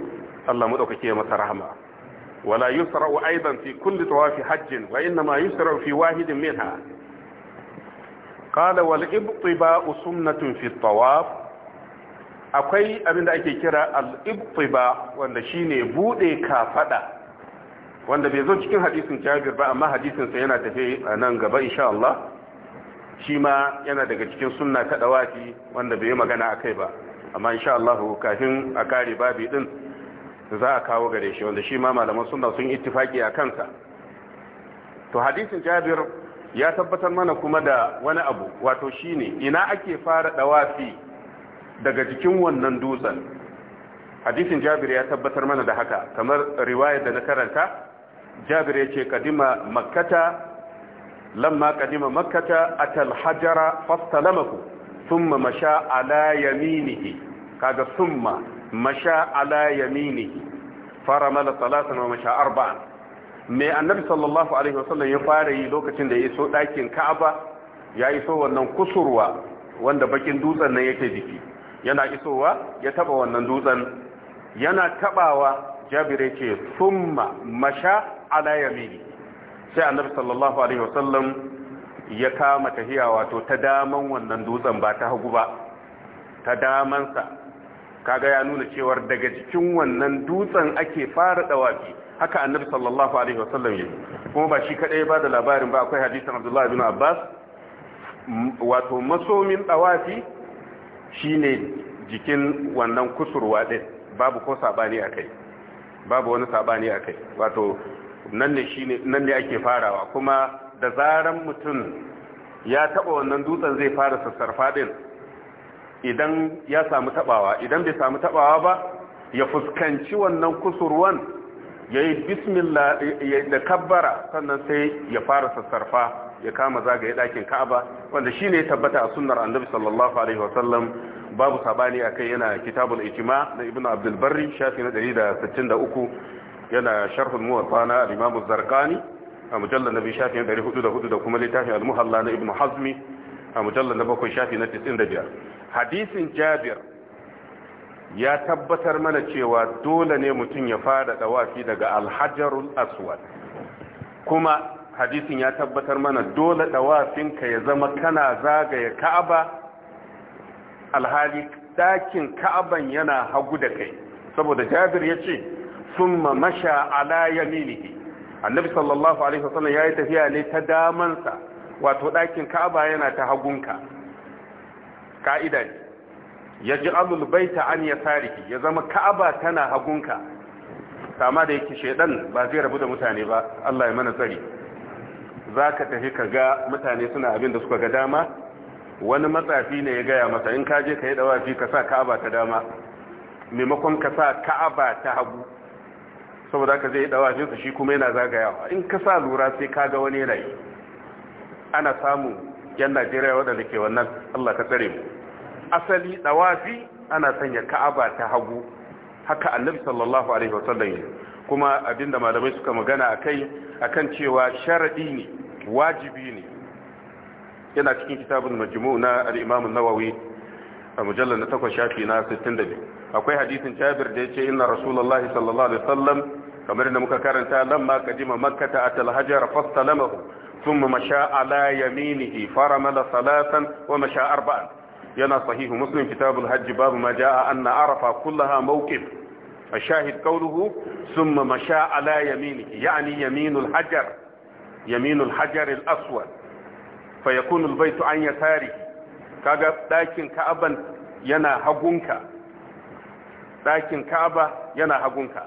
Allah masa rahama ولا يسرع أيضا في كل طواف حج وإنما يسرع في واحد منها قال والإبطباء سنة في الطواف akwai abin da ake kira al wanda wanda shine bude kafaɗa wanda bai zo cikin hadisin Jabir ba amma hadisin sa yana tafe nan gaba insha Allah shi ma yana daga cikin sunna ta ɗawafi wanda bai magana akai ba amma insha Allah kafin a kare babi din da za a kawo gare shi wanda shi ma malaman suna sun ittifaki a kansa to hadisin jabir ya tabbatar mana kuma da wani abu wato shine ina ake fara ɗawafi daga jikin wannan dutsen hadisin jabir ya tabbatar mana da haka kamar riwayar da na karanta jabir ya ce kadima makkata lamma kadima makkata atal hajara fastalamaku thumma masha ala yaminihi kaga thumma masha ala yamini fara mala salatan wa masha arba'an me annabi sallallahu alaihi wasallam ya fara yi lokacin da ya iso ɗakin ka'aba ya iso wannan kusurwa wanda bakin dutsen nan yake jiki yana isowa ya taba wannan dutsen yana tabawa jabir yake summa masha ala yamini sai annabi sallallahu alaihi wasallam ya kama tahiya wato ta daman wannan dutsen ba ta hagu ba ta damansa kaga ya nuna cewar daga cikin wannan dutsen ake fara dawafi haka annabi sallallahu alaihi wasallam yi kuma ba shi kadai ba da labarin ba akwai hadisin Abdullah ibn Abbas wato masomin dawafi shine jikin wannan kusurwa din babu ko sabani akai babu wani sabani akai wato nan ne shine nan ne ake farawa kuma da zaran mutum ya taba wannan dutsen zai fara sassarfa din idan ya samu tabawa idan bai samu tabawa ba ya fuskanci wannan kusurwan ya yi bismillah da kabbara sannan sai ya fara sassarfa ya kama zagaye ɗakin ka'aba wanda shi ne tabbata a sunnar annabi sallallahu alaihi wasallam babu sabani a kai yana kitabul ijma na ibn barri shafi na 163 yana sharhul muwatta na imam az zarqani a mujallar nabi shafi na 404 da kuma littafin al-muhalla na ibn hazmi a mujallar na bakwai shafi na 95 hadisin jabir ya tabbatar mana cewa dole ne mutum ya fara dawafi daga alhajarul aswad kuma hadisin ya tabbatar mana dole dawafinka ya zama kana zagaya ka'aba alhali dakin ka'aban yana hagu da kai saboda jabir ya ce ma masha ala yaminihi annabi sallallahu alaihi wasallam yi tafiya ne ta damansa wato dakin ka'aba yana ta hagunka ka'ida ne ya ji ta an ya sariki ya zama ka'aba tana hagunka kama da yake shaidan ba zai rabu da mutane ba Allah ya mana tsari za ka tafi ka ga mutane suna abin da suka ga dama wani matsafi ne ya gaya masa in kaje ka yi dawafi ka sa ka'aba ta dama maimakon ka sa ka'aba ta hagu saboda ka zai yi dawafinsa shi kuma yana zagayawa in ka sa lura sai ka ga wani yanayi ana samu yan najeriya waɗanda ke wannan allah ka tsare mu asali dawafi ana sanya ka'aba ta hagu haka annabi sallallahu alaihi wasallam kuma abinda malamai suka magana akai akan cewa sharadi ne wajibi ne yana cikin kitabun majmu na al-imam an-nawawi a mujallal na 8 shafi na 62 akwai hadisin Jabir da yace inna rasulullahi sallallahu alaihi wasallam kamar da muka karanta lamma qadima ta atal hajar fastalamahu thumma masha ala yaminihi faramala salatan wa masha arba'an yana sahihu muslim kitabul hajji babu ma ja'a anna arafa kullaha mawqif fa shahid qawluhu thumma masha ala yaminihi ya'ni yaminul hajar yaminul hajar al aswad fa yakunu al baytu an kaga dakin ka'aban yana hagunka dakin ka'aba yana hagunka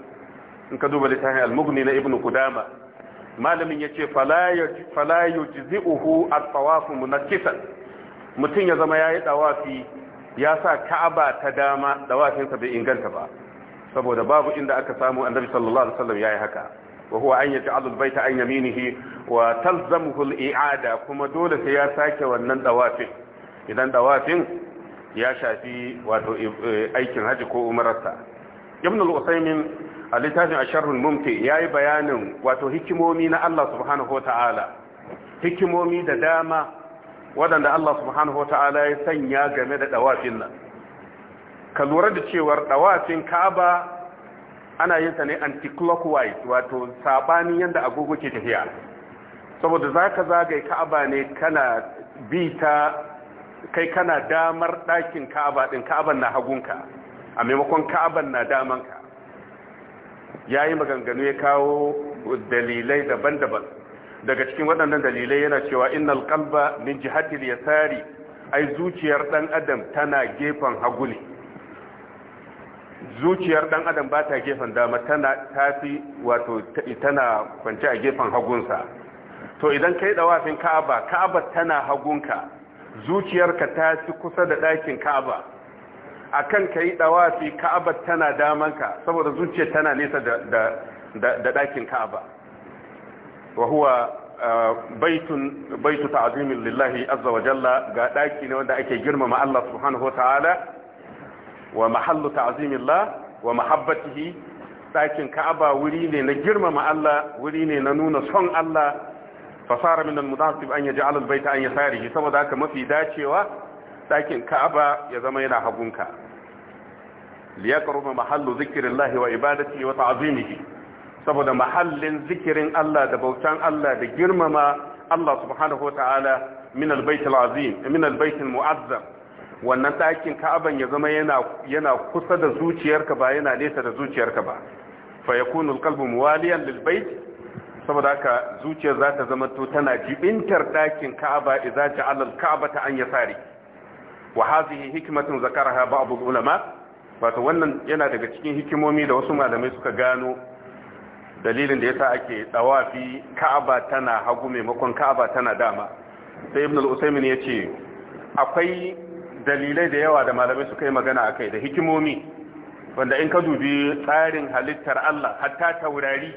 in ka duba littafi almugni na ibnu qudama malamin ya yace fala yajzi'uhu at-tawafu munakkisan mutum ya zama ya yi dawafi ya sa ka'aba ta dama dawafinsa bai inganta ba saboda babu inda aka samu annabi sallallahu alaihi wasallam yayi haka wa huwa an yaj'alu al-bayta an yaminihi wa talzamuhu iada kuma dole sai ya sake wannan dawafin idan dawafin ya shafi wato eh, aikin haji ko umararsa ibn al-usaymin a littafin asharhul mumti yayi bayanin wato hikimomi na Allah subhanahu wa ta'ala hikimomi da dama waɗanda Allah subhanahu wa ta'ala ya sanya game da ɗawafin nan ka lura da cewar ɗawafin ka'aba ana yin sa ne anti-clockwise wato saɓanin yadda agogo ke tafiya saboda za ka zagaye ka'aba ne kana bi ta kai kana damar ɗakin ka'aba ɗin ka'aban na hagunka a maimakon ka'aban na damanka ya yi maganganu ya kawo dalilai daban-daban daga cikin waɗannan dalilai yana cewa innal qalba min al yasari ai zuciyar dan adam tana gefen hagu ne zuciyar dan adam ba ta gefen dama tana tafi wato tana kwance a gefen hagunsa to idan kai dawafin ka'aba ka'aba tana hagunka zuciyarka ta fi kusa da ɗakin ka'aba akan kai dawafi ka'aba tana damanka saboda zuciyar tana nesa da ɗakin ka'aba Wahuwa huwa uh, baitun baitu ta'zimin lillahi azza wa jalla ga daki ne wanda ake girmama Allah subhanahu wa ta'ala wa mahallu ta'zimillah wa mahabbatihi dakin Ka'aba wuri ne na girmama Allah wuri ne na nuna son Allah fasara min al-mudassib an yaj'al al-baita an yasarihi saboda haka mafi dacewa dakin Ka'aba ya zama yana hagunka liyaqruba mahallu dhikrillahi wa ibadatihi wa ta'zimihi saboda mahallin zikirin Allah da bautan Allah da girmama Allah subhanahu wataala min albayt min albaitin almu'azzam wannan ɗakin ka'aban ya zama yana kusa da zuciyarka ba yana nesa da zuciyarka ba fa yakunu alqalbu muwaliyan lilbayt saboda haka zuciyar za ta zama to tana jibintar ɗakin ka'aba idza ja'ala alka'bata an yasari wa zakara hikmatun zakaraha ba'd ulama wato wannan yana daga cikin hikimomi da wasu malamai suka gano dalilin da yasa ake tsawafi ka'aba tana hagu maimakon ka'aba tana dama sai ibn al-usaymin ya ce akwai dalilai da yawa da malamai suka yi magana akai da hikimomi wanda in ka dubi tsarin halittar Allah hatta taurari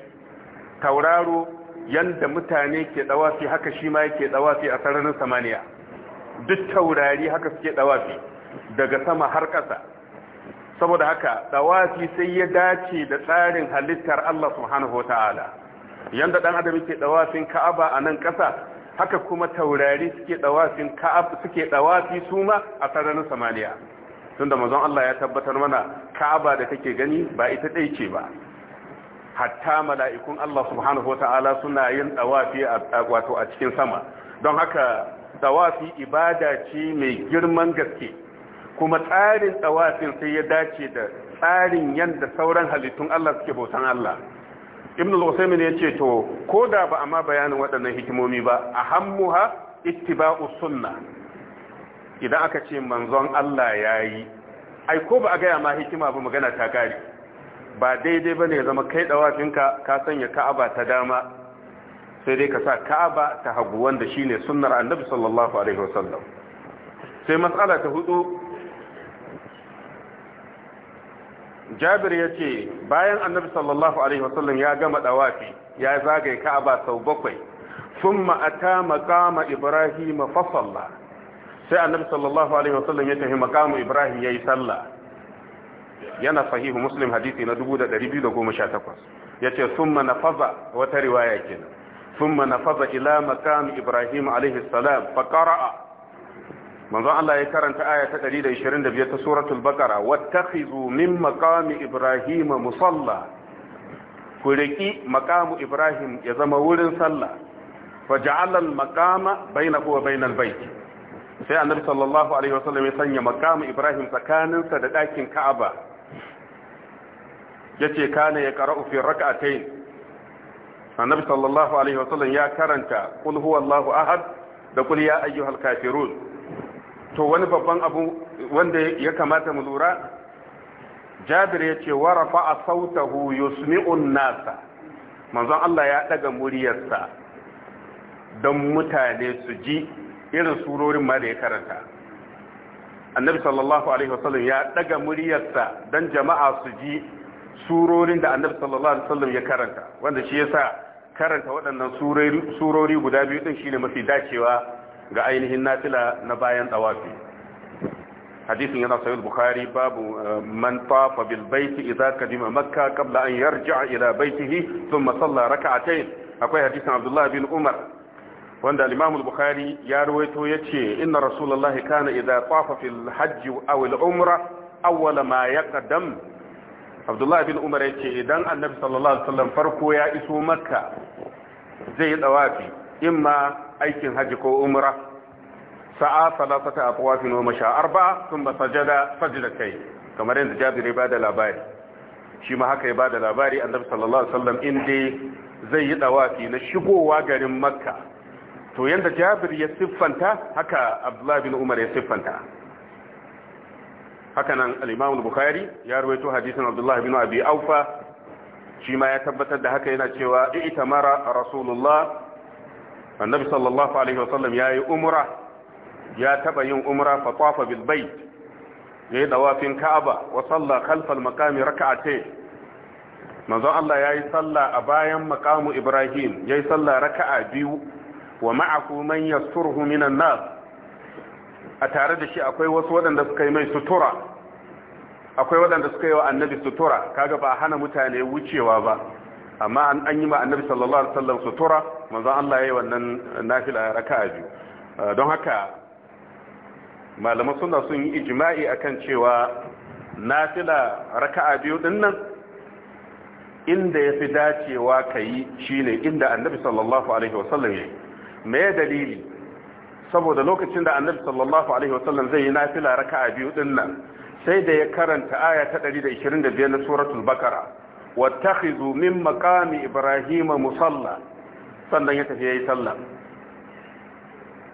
tauraro yanda mutane ke tsawafi haka shi ma yake tsawafi a sararin samaniya duk taurari haka suke tsawafi daga sama har ƙasa saboda haka tsawafi sai ya dace da tsarin halittar Allah subhanahu wataala yanda dan adam yake tsawafin Ka'aba a nan ƙasa haka kuma taurari suke tsawafin Ka'aba suke su suma a sararin samaniya tunda manzon Allah ya tabbatar mana Ka'aba da kake gani ba ita dai ce ba hatta mala'ikun Allah subhanahu wataala suna yin a wato a cikin sama don haka tsawafi ibada ce mai girman gaske kuma tsarin tsawafin sai ya dace da tsarin yadda sauran halittun Allah suke bautan Allah ibn al ya ce to ko da ba ma bayanin waɗannan hikimomi ba a hammuha ittiba'u sunna idan aka ce manzon Allah yayi ai ko ba a gaya ma hikima ba magana ta kare ba daidai bane ne zama kai dawafinka ka sanya ka'aba ta dama sai dai ka sa ka'aba ta hagu wanda shine sunnar annabi sallallahu alaihi wasallam sai Mas'ala ta hudu jabir ya ce bayan annabi sallallahu alaihi wasallam ya gama dawafi ya zagaye ka'aba sau bakwai sun ma'ata makama ibrahim fasalla sai annabi sallallahu alaihi wasallam ya tafi makamu ibrahim yayi yi sallah yana sahihu muslim hadisi na 2218 ya ce sun manafaza wata riwaya kenan sun manafaza ila makamu ibrahim alaihi salam faƙara'a manzon Allah ya karanta aya ta 125 ta suratul baqara wattakhizu min maqami ibrahim musalla ku riki maqamu ibrahim ya zama wurin sallah faj'ala al-maqama bainahu wa bainal bayt sai annabi sallallahu alaihi wasallam ya sanya maqamu ibrahim tsakaninsa da dakin ka'aba yace kana ya qara'u fi rak'atayn annabi sallallahu alaihi wasallam ya karanta qul huwallahu ahad da qul ya ayyuhal kafirun to wani babban abu wanda ya kamata mu lura jabir ya ce wa rafa'a sautahu yusmi'un nasa manzon Allah ya daga muryarsa don mutane su ji irin surorin ma da ya karanta annabi sallallahu alaihi wasallam ya daga muryarsa don jama'a su ji surorin da annabi sallallahu alaihi wasallam ya karanta wanda shi yasa karanta waɗannan surori guda biyu din shine mafi dacewa ga ainihin nafila na bayan tawafi hadisin yana sahih bukhari babu eh, man tafa bil baiti idza kadima makka qabla an yarji'a ila baitihi thumma salla rak'atayn akwai hadisin abdullah bin umar wanda al-imam al-bukhari ya rawaito yace inna rasulullahi kana idza tafa fil hajj aw al-umra awwala ma yaqdam abdullah bin umar yace idan annabi sallallahu alaihi wasallam farko ya iso makka zai yi dawafi imma aikin haji ko umra sa'a salasata atwafin wa masha arba ba sajada kai kamar yadda Jabir ya bada labari shi ma haka ya bada labari annabi sallallahu alaihi wasallam inda zai yi dawafi na shigowa garin makka to yadda jabiri ya siffanta haka Abdullahi bin Umar ya siffanta haka nan al bukhari ya rawaito hadisin Abdullah bin Abi Aufa shi ma ya tabbatar da haka yana cewa i'tamara rasulullah annabi sallallahu alaihi wasallam yayi umra ya taba yin umra fa tawafa bil bait yayi dawafin ka'aba wa salla khalfa al maqami rak'atayn manzo Allah yayi salla a bayan maqamu ibrahim yayi salla raka'a biyu wa ma'ahu man yasturuhu minan nas a tare da shi akwai wasu waɗanda suka yi mai sutura akwai waɗanda suka yi wa annabi sutura kaga ba hana mutane wucewa ba amma an yi ma annabi sallallahu alaihi wasallam sutura manzo Allah yayi wannan nafila raka'a biyu uh, don haka malaman sunna sun yi ijma'i akan cewa nafila raka'a biyu dinnan, nan inda yafi dacewa kai shine inda annabi sallallahu alaihi wasallam yayi me dalili saboda lokacin da annabi sallallahu alaihi wasallam zai yi nafila raka'a biyu dinnan, sai da ya karanta aya ta 125 na suratul bakara wattakhidhu min maqami ibrahima musalla sannan ya tafi yayi sallah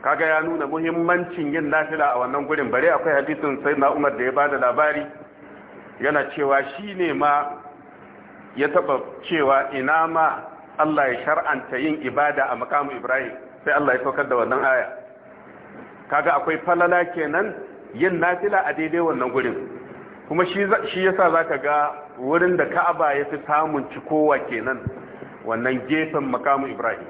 kaga ya nuna muhimmancin yin nafila a wannan gurin bare akwai hadisin sayyidina Umar da ya bada labari yana cewa shine ma ya taba cewa ina ma Allah ya shar'anta yin ibada a maqami Ibrahim sai Allah ya saukar da wannan aya kaga akwai falala kenan yin nafila a daidai wannan gurin kuma shi yasa za ka ga wurin da ka'aba ya fi samun cikowa kenan wannan gefen makamu ibrahim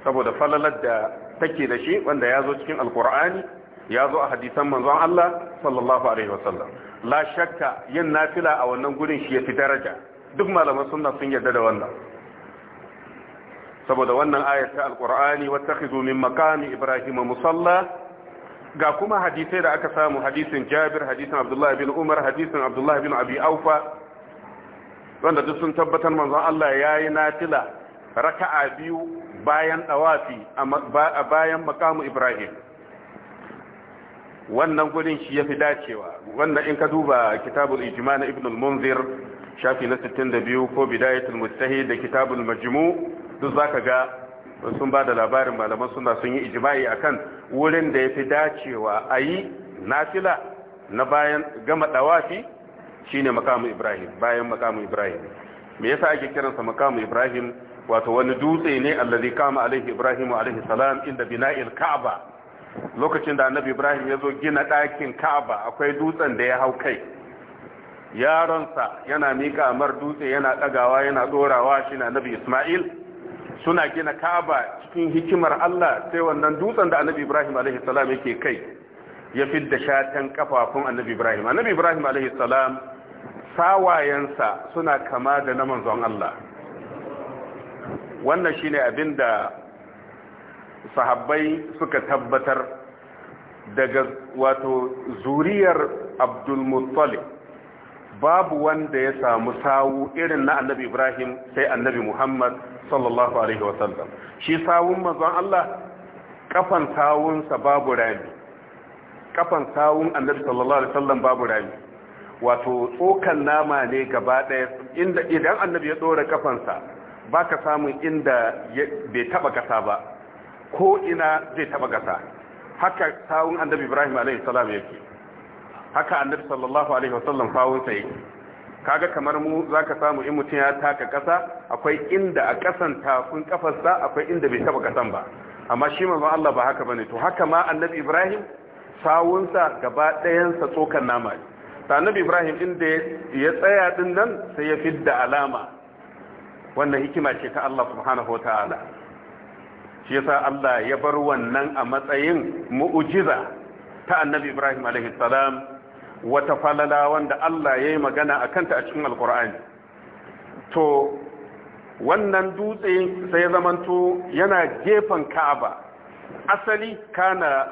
saboda falalar da take da shi wanda ya zo cikin alkur'ani ya zo a hadisan manzon Allah sallallahu alaihi wasallam la shakka yin nafila a wannan gurin shi ya fi daraja duk malaman sunna sun yarda da wannan saboda wannan ayar ta alkur'ani wattakhidhu min makamu ibrahim musalla ga kuma hadisai da aka samu hadisin jabir hadisin abdullahi bin umar hadisin abdullahi bin abi aufa wanda duk sun tabbatar manzon Allah ya yi natila raka'a biyu bayan dawafi a bayan makamu ibrahim wannan gudun shi ya fi dacewa wannan in ka duba kitabul ijma na ibn al-munzir shafi na 62 ko bidayatul mustahid da kitabul majmu duk zaka ga sun ba da labarin malaman suna sun yi ijima'i kan wurin da ya fi dacewa a yi nafila na bayan gama dawafi shine makamu ibrahim bayan makamu ibrahim me yasa ake kiransa makamu ibrahim wato wani dutse ne allazi kama alaihi ibrahim wa alaihi salam inda bina'il ka'aba lokacin da annabi ibrahim ya zo gina ɗakin ka'aba akwai dutsen da ya hau kai yaronsa yana mika mar dutse yana ɗagawa yana ɗorawa shi na annabi isma'il suna gina Ka'aba cikin hikimar Allah sai wannan dutsen da Annabi Ibrahim alaihi salam yake kai ya fidda shatan kafafun Annabi Ibrahim Annabi Ibrahim alaihi salam sawayensa suna kama da na manzon Allah wannan shine da sahabbai suka tabbatar daga wato zuriyar abdulmuttalib babu wanda ya samu sawu irin na annabi ibrahim sai annabi muhammad sallallahu alaihi wasallam shi sawun manzon Allah kafan sawunsa babu rami kafan sawun annabi sallallahu alaihi wasallam babu rami wato tsokan nama ne gaba daya inda idan annabi ya dora kafansa baka samun inda bai taba kasa ba ko ina zai taba kasa haka sawun annabi Ibrahim alaihi salam yake haka annabi sallallahu alaihi wasallam sawunsa yake kaga kamar mu zaka samu in mutum ya taka ƙasa akwai inda a ƙasan tafin kafarsa akwai inda bai taba ƙasan ba amma shi manzon Allah ba haka bane to haka ma annabi Ibrahim sawunsa gaba ɗayansa tsokan nama ne annabi Ibrahim inda ya tsaya din nan sai ya fidda alama wannan hikima ce ta Allah subhanahu wataala shi yasa Allah ya bar wannan a matsayin mu'jiza ta annabi Ibrahim alaihi salam wata falala wanda Allah ya yi magana a kanta a cikin alkur'ani to wannan dutse sai zamanto yana gefen ka'aba asali kana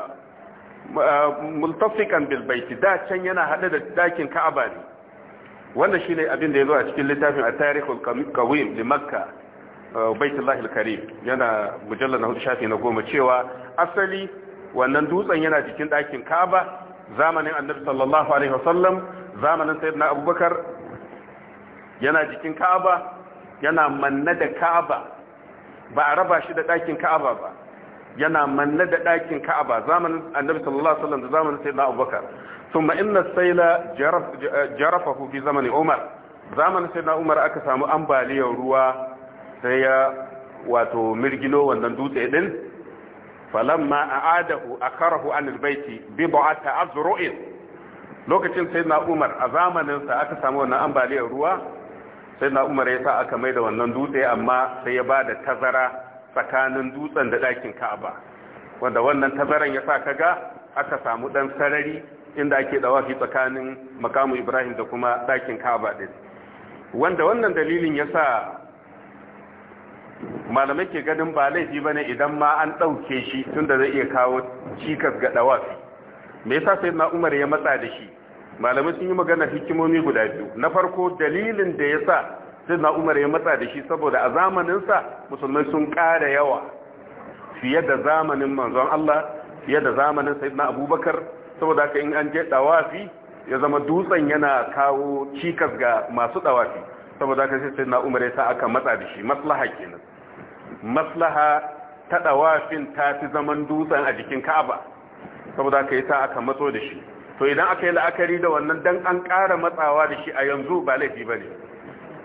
uh, multafikan bilbaiti da can yana haɗe da dakin ka'aba ne wannan shine abin da ya zo a cikin littafin a tarihul kawim da makka uh, baitullahi karim yana mujallar na hudu shafi na goma cewa asali wannan dutsen yana cikin dakin ka'aba zamanin annabi sallallahu alaihi wasallam zamanin sayyidina abubakar yana jikin ka'aba yana manne da ka'aba ba a raba shi da ɗakin ka'aba ba yana manne da ɗakin ka'aba zamanin annabi sallallahu alaihi wasallam da zamanin sayyidina abubakar thumma inna sayla jarafahu fi zamani umar zamanin sayyidina umar aka samu ambaliyar ruwa sai ya wato mirgino wannan dutse din falamma a akarahu anil baiti bid'ata azru'in lokacin sai na'umar a zamaninsa aka samu wannan ambaliyar ruwa sai na umar ya sa aka mai da wannan dutse amma sai ya ba da tazara tsakanin dutsen da ɗakin ka'aba wanda wannan tazaran ya sa kaga aka samu ɗan sarari inda ake dawafi tsakanin makamu ibrahim da kuma ɗakin ka'aba din wanda wannan dalilin ya sa malamai ke ganin ba laifi ba ne idan ma an ɗauke shi tun da zai iya kawo cikas ga ɗawafi me yasa sai na umar ya matsa da shi malamai sun yi magana hikimomi guda biyu na farko dalilin da ya sa sai na umar ya matsa da shi saboda a zamaninsa musulmai sun ƙara yawa fiye da zamanin manzon Allah fiye da zamanin na abubakar saboda haka in an je ɗawafi ya zama dutsen yana kawo cikas ga masu ɗawafi saboda haka sai na umar ya sa aka matsa da shi maslaha kenan maslaha ta dawafin ta fi zaman dutsen a jikin ka'aba saboda haka yi sa aka matso da shi to idan aka yi la'akari da wannan dan an ƙara matsawa da shi a yanzu ba laifi ba ne.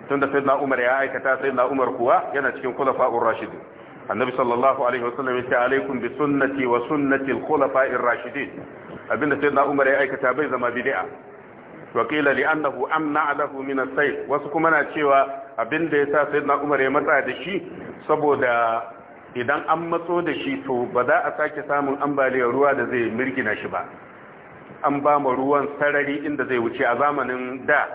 tunda sai na umar ya aikata sai na umar kuwa yana cikin khulafa'ur rashidin annabi sallallahu alaihi wasallam yace alaikum bi sunnati wa sunnati al-khulafa'ir rashidin abinda sayyidina umar ya aikata bai zama bid'a wa qila li annahu amna lahu min as-sayf wasu kuma na cewa abin abinda yasa sayyidina Umar ya matsa da shi saboda idan an matso da shi to ba za a sake samun ambaliyar ruwa da zai mirgina shi ba an ba mu ruwan sarari inda zai wuce a zamanin da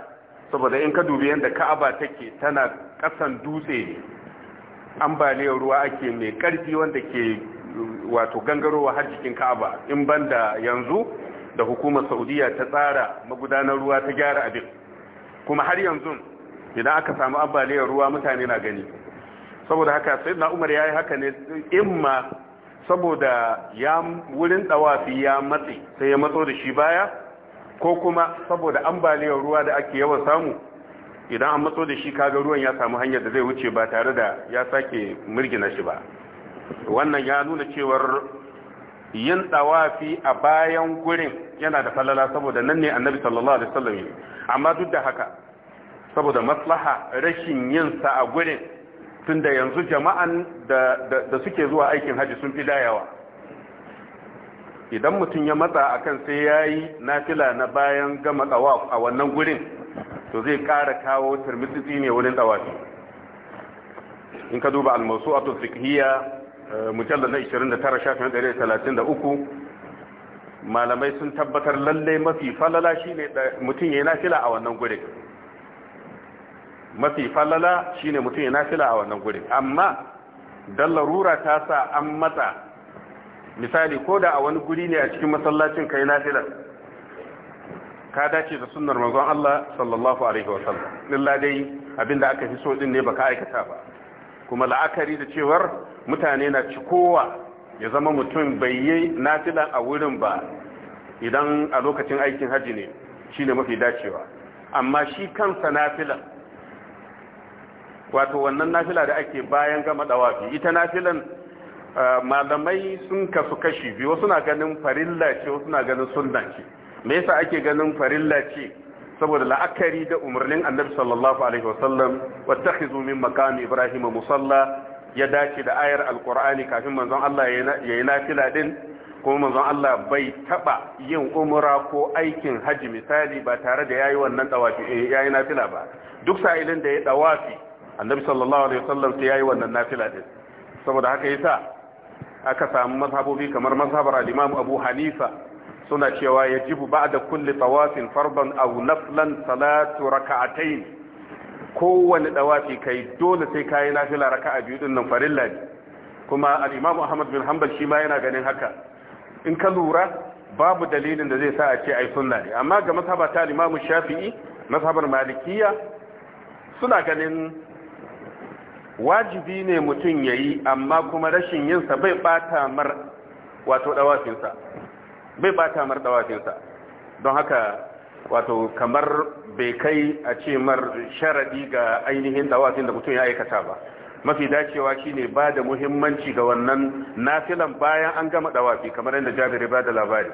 saboda in ka dubi yadda Ka'aba take tana kasan dutse ambaliyar ruwa ake mai karfi wanda ke wato gangarowa har jikin Ka'aba in banda yanzu da hukumar saudiya ta tsara magudanar ruwa ta gyara abin kuma har yanzu idan aka samu ambaliyar ruwa mutane na gani saboda haka sai na umar ya yi haka ne imma saboda ya wurin dawafi ya matse sai ya matso da shi baya ko kuma saboda ambaliyar ruwa da ake yawan samu idan an matso da shi kaga ruwan ya samu hanyar da zai wuce ba tare da ya sake mirgina shi ba wannan ya nuna cewar yin tawafi a bayan gurin yana da falala saboda nan ne annabi sallallahu alaihi wasallam yi amma duk da haka saboda maslaha rashin yin sa a gurin tunda yanzu jama'an da da suke zuwa aikin haji sun fi dayawa idan mutum ya matsa akan sai yayi nafila na bayan gama tawaf a wannan gurin to zai ƙara kawo tirmidhi ne wurin tsawafi. in ka duba al-mawsu'atu fiqhiyya Eh, mujallar na 29 shafin 133 malamai sun tabbatar lallai mafi falala shine mutum ya nafila a wannan gure mafi falala shine mutum ya nafila a wannan gure amma dan larura ta sa an matsa misali ko da a wani guri ne a cikin masallacin kai nafilar ka dace da sunnar manzon Allah sallallahu alaihi wasallam illa dai abinda aka fi so din ne baka aikata ba kuma la'akari da cewar mutane na cikowa ya zama mutum bai yi nafila a wurin ba idan a lokacin aikin hajji ne shi ne mafi dacewa amma shi kansa nafila wato wannan nafila da ake bayan gama dawafi ita nafilan malamai sun kasu kashi biyu wasu na ganin farilla ce wasu na ganin sunna ce me yasa ake ganin farilla ce saboda la'akari da umarnin annabi sallallahu alaihi wasallam wattakhizu min maqami ibrahim musalla ya dace da ayar alkur'ani kafin manzon Allah ya yi nafila din kuma manzon Allah bai taba yin umra ko aikin haji misali ba tare da yayi wannan dawafi eh, yayi nafila ba duk sa'ilin da ya dawafi annabi sallallahu alaihi wasallam sai yayi wannan nafila din saboda haka yasa aka samu mazhabobi kamar mazhabar al-Imam Abu Hanifa suna cewa yajibu ba'da kulli tawafin farban aw naflan salatu raka'atayn kowane dawafi kai dole sai kayi fila raka'a biyu din nan farilla ne kuma al-Imam Ahmad bin Hanbal shi ma yana ganin haka in ka lura babu dalilin da zai sa a ce ai sunna ne amma ga mazhaba ta al-Imam Shafi'i mazhabar Malikiya suna ganin wajibi ne mutum yayi amma kuma rashin yin sa bai bata mar wato dawafin sa bai bata mar dawafin sa don haka wato kamar bai kai a ce mar sharadi ga ainihin dawafin da mutum ya aikata ba mafi dacewa shine ba da muhimmanci ga wannan nafilan bayan an gama dawafi kamar yadda jabiri ba da labari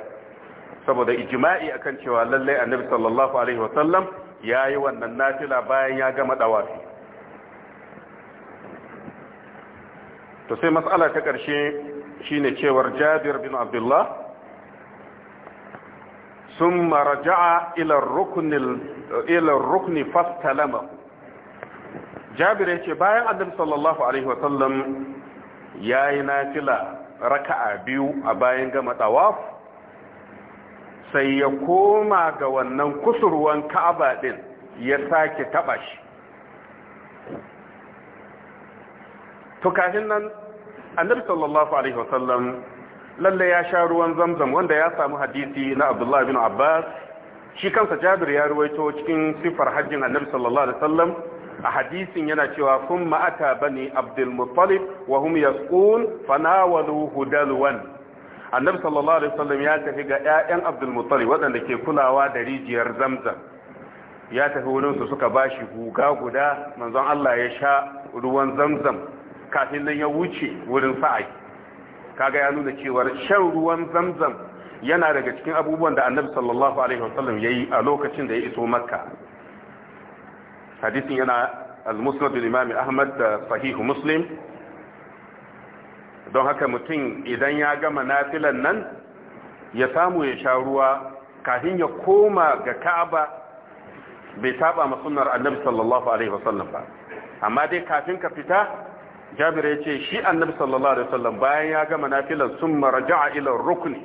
saboda ijma'i akan cewa lallai annabi sallallahu alaihi wasallam ya yi wannan nafila bayan ya gama dawafi to sai matsala ta ƙarshe shine cewar jabir bin abdullah sun maraja'a ilar rukni الركن jabir ya ce bayan adam sallallahu alaihi wasallam ya yi nafila raka'a biyu a bayan gama tawaf sai ya koma ga wannan kusurwan ka'aba din ya sake taba shi to kafin nan annabi sallallahu alaihi wasallam lalle ya sha ruwan zamzam wanda ya samu hadisi na abdullahi bin abbas shi kansa jabir ya ruwaito cikin sifar hajjin annabi sallallahu alaihi wasallam a hadisin yana cewa kun ma'ata bani abdul muttalib wa hum yasqun fanawalu hudalwan annabi sallallahu alaihi wasallam ya tafi ga ƴaƴan abdul muttalib waɗanda ke kulawa da rijiyar zamzam ya tafi wurin su suka bashi guga guda manzon Allah ya sha ruwan zamzam kafin nan ya wuce wurin sa'ai kaga ya nuna cewar shan ruwan zamzam yana daga cikin abubuwan da annabi sallallahu alaihi wasallam yayi a lokacin da ya iso makka hadisin yana al-musnad al-imam ahmad da sahih muslim don haka mutum idan ya gama nafilan nan ya samu ya sha ruwa kafin ya koma ga ka'aba bai saba masunnar annabi sallallahu alaihi wasallam ba amma dai kafin ka fita jabir ya ce shi annabi sallallahu alaihi wasallam bayan ya gama nafilan sun maraja'a ila rukuni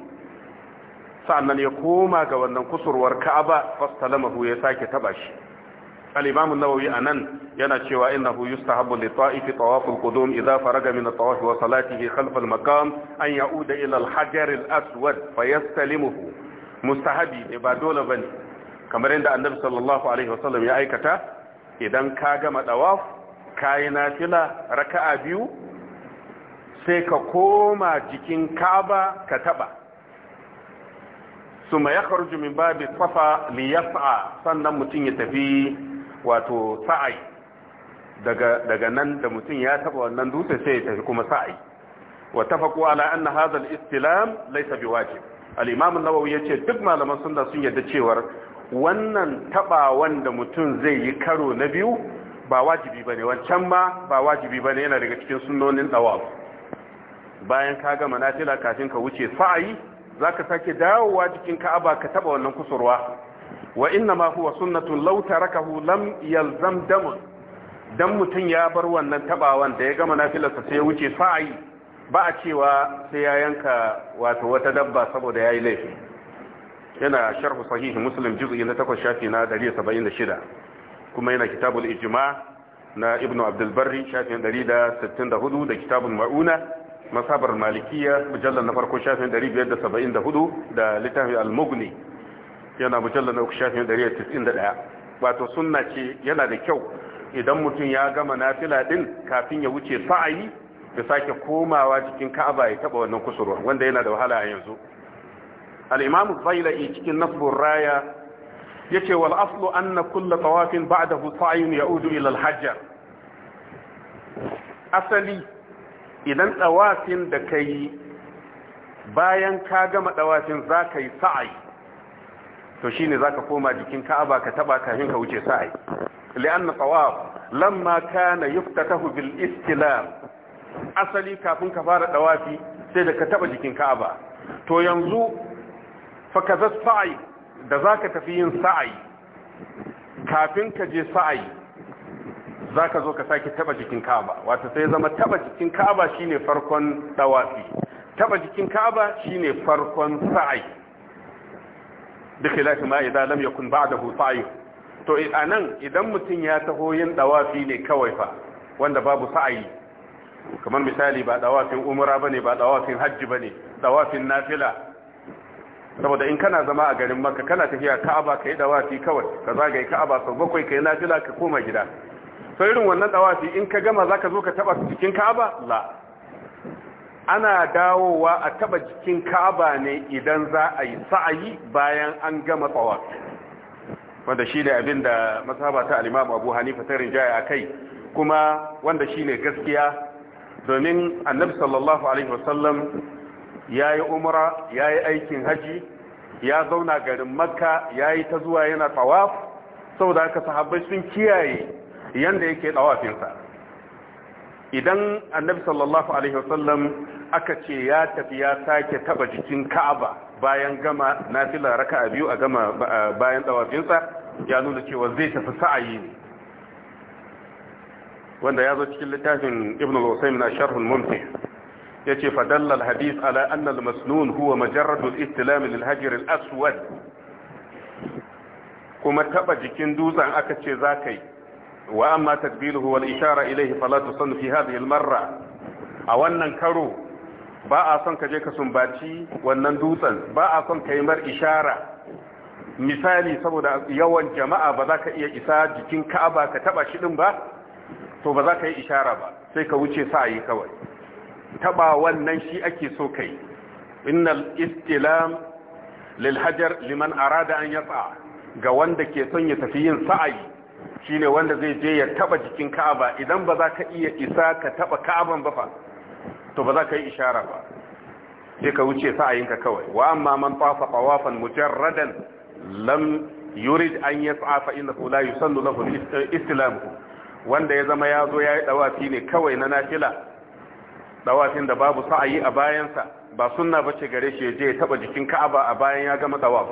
sannan ya koma ga wannan kusurwar ka'aba fastalamahu ya sake taba shi al-imam an-nawawi anan yana cewa innahu yustahabbu li ta'ifi tawaf al-qudum idha faraga min at-tawaf wa salatihi khalf al-maqam an ya'uda ila al-hajar al-aswad fayastalimuhu mustahabi ne ba dole bane kamar yadda annabi sallallahu alaihi wasallam ya aikata idan ka gama tawaf kayi nafila raka'a biyu sai ka koma jikin ka'aba ka taba suma ya kharuju min babi safa liyafa sannan mutum ya tafi wato sa'i daga nan da mutum ya taba wannan dutse sai ya tafi kuma sa'i wa tafaqu ala anna hadha al-istilam laysa biwajib al-imam an ya ce duk malaman sunna sun yarda cewa wannan tabawan wanda mutum zai yi karo na biyu ba wajibi ba ne wancan ma ba wajibi ba ne yana daga cikin sunnonin tsawaf bayan ka gama nafila kafin ka wuce sa'ayi za ka sake dawowa cikin ka'aba ka taba wannan kusurwa wa inna ma huwa sunnatun law tarakahu lam yalzam damu dan mutun ya bar wannan tabawan da ya gama sa sai ya wuce sa'ayi ba a cewa sai ya yanka wato wata dabba saboda yayi laifi yana sharh sahih muslim juz'i na 8 shafi na 176 kuma yana kitabul ijma na ibn abdulbarri shafin 164 da kitabul ma'una masabar malikiya mujallar na farko shafin 574 da littafi al-mughni yana mujallar na uku shafin 191 wato sunna ce yana da kyau idan mutum ya gama nafila din kafin ya wuce sa'ayi da sake komawa cikin ka'aba ya taba wannan kusurwa wanda yana da wahala a yanzu al-imam zailai cikin nasbur raya yace wal aslu anna kullu tawafin ba'dahu sa'yun ya'udu ila al hajjar asali idan tawafin da kai bayan ka gama tawafin zaka yi sa'i to shine zaka koma jikin Ka'aba ka taba kafin ka wuce sa'i li'anna tawaf lamma kana yuftatahu bil istilam asali kafin ka fara dawafi sai da ka taba jikin Ka'aba to yanzu fa kaza sa'i da za ka tafi yin sa'ayi kafin ka je sa'ayi za ka zo ka sake taba jikin ka'aba wata sai zama taba jikin ka'aba shi ne farkon dawafi taba jikin ka'aba shi ne farkon sa'ayi duk ilafi ma idan lam ba da sa'ayi to eh, a nan idan mutum ya taho yin dawafi ne kawai fa wanda babu sa'ayi kamar misali ba dawafin ba ne ba dawafin hajji ba ne dawafin nafila saboda in kana zama a garin maka kana tafiya ka'aba ka yi dawafi kawai ka zagaye ka'aba sau bakwai ka yi nafila ka koma gida sau irin wannan dawafi in ka gama za ka zo ka taba jikin ka'aba la ana dawowa a taba jikin ka'aba ne idan za a yi sa'ayi bayan an gama tsawafi wanda shi ne abin da masaba ta alimam abu hanifa ta rinjaya a kai kuma wanda shi ne gaskiya domin annabi sallallahu alaihi wasallam ya yi umura ya yi aikin haji ya zauna garin makka ya yi ta zuwa yana tawaf saboda haka sahabbai sun kiyaye yanda yake tawafinsa idan annabi sallallahu alaihi wasallam aka ce ya tafi ya sake taba jikin ka'aba bayan gama nafila a biyu a gama bayan tawafinsa ya nuna cewa zai tafi sa'ayi ne wanda ya zo cikin littafin ibn al-usaymin asharh al-mumtah yace fa dalla al ala annal masnun huwa majarrad al-istilam aswad kuma taba jikin dutsen aka ce zakai wa amma tadbiluhu wal ishara ilaihi fala tusannu fi hadhihi al-marra a wannan karo ba a son ka je ka sumbaci wannan dutsen ba a son ka yi mar ishara misali saboda yawan jama'a ba za ka iya isa jikin ka'aba ka taba shi din ba to ba za ka yi ishara ba sai ka wuce yi kawai taba wannan shi ake so kai innal istilam lil hajar liman arada an yasa ga wanda ke son ya tafi yin sa'ayi shine wanda zai je ya taba jikin Ka'aba idan ba za ka iya isa ka taba Ka'aban ba fa to ba za ka yi ishara ba sai ka wuce sa'ayinka kawai wa amma man tafa tawafan mujarradan lam yurid an yas'a fa innahu la yusallu lahu istilamu wanda ya zama ya zo ya yi dawafi ne kawai na nafila dawafin da babu sa'ayi a bayansa ba sunna ba ce gare shi je ya taba jikin Ka'aba a bayan ya gama tawaf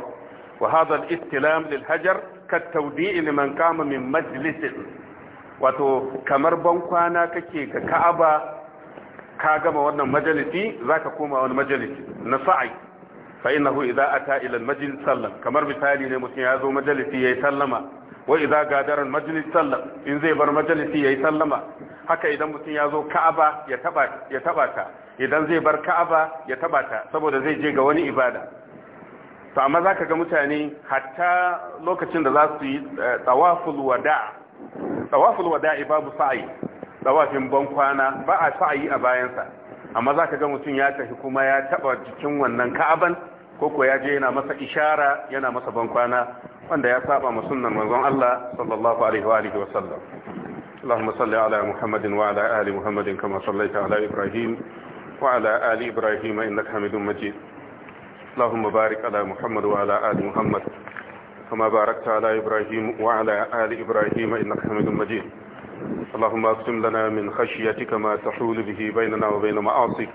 wa hadha al-istilam lil hajar ka tawdi'i liman min majlis wato kamar bankwana kake ga Ka'aba ka gama wannan majalisi zaka koma wani majalisi na sa'i fa innahu idza ata ila al-majlis sallam kamar misali ne mutum ya zo majalisi yayi sallama wa idza gadara majlis sallam in zai bar majalisi yayi sallama haka idan mutum ya zo ka'aba ya taba ya taba ta idan zai bar ka'aba ya taba ta saboda zai je ga wani ibada to amma zaka ga mutane hatta lokacin da za su yi eh, tawaful wada tawaful wada babu sa'i tawafin ban kwana ba a sa'i a bayansa amma zaka ga mutum ya tafi kuma ya taba jikin wannan ka'aban koko ya je yana masa ishara yana masa bankwana wanda ya saba ma nan manzon Allah sallallahu alaihi wa alihi wasallam salli ala Muhammadin wa ala ali Muhammadin kama sallaita ala Ibrahim wa ala ali Ibrahim innaka Hamidum Majid Allahumma barik ala Muhammad wa ala ali Muhammad kama barakta ala Ibrahim wa ala ali Ibrahim innaka Hamidum Majid Allahumma aqsim lana min khashyatika ma tahulu bihi bainana wa bain ma'asik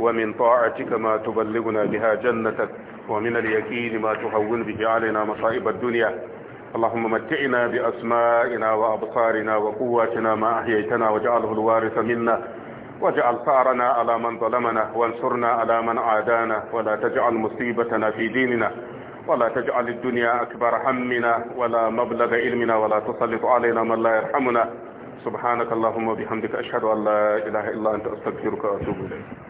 ومن طاعتك ما تبلغنا بها جنتك ومن اليقين ما تهون به علينا مصائب الدنيا اللهم متعنا بأسمائنا وأبصارنا وقواتنا ما أحييتنا وجعله الوارث منا واجعل ثارنا على من ظلمنا وانصرنا على من عادانا ولا تجعل مصيبتنا في ديننا ولا تجعل الدنيا أكبر همنا ولا مبلغ علمنا ولا تسلط علينا من لا يرحمنا سبحانك اللهم وبحمدك أشهد أن لا إله إلا أنت أستغفرك وأتوب إليك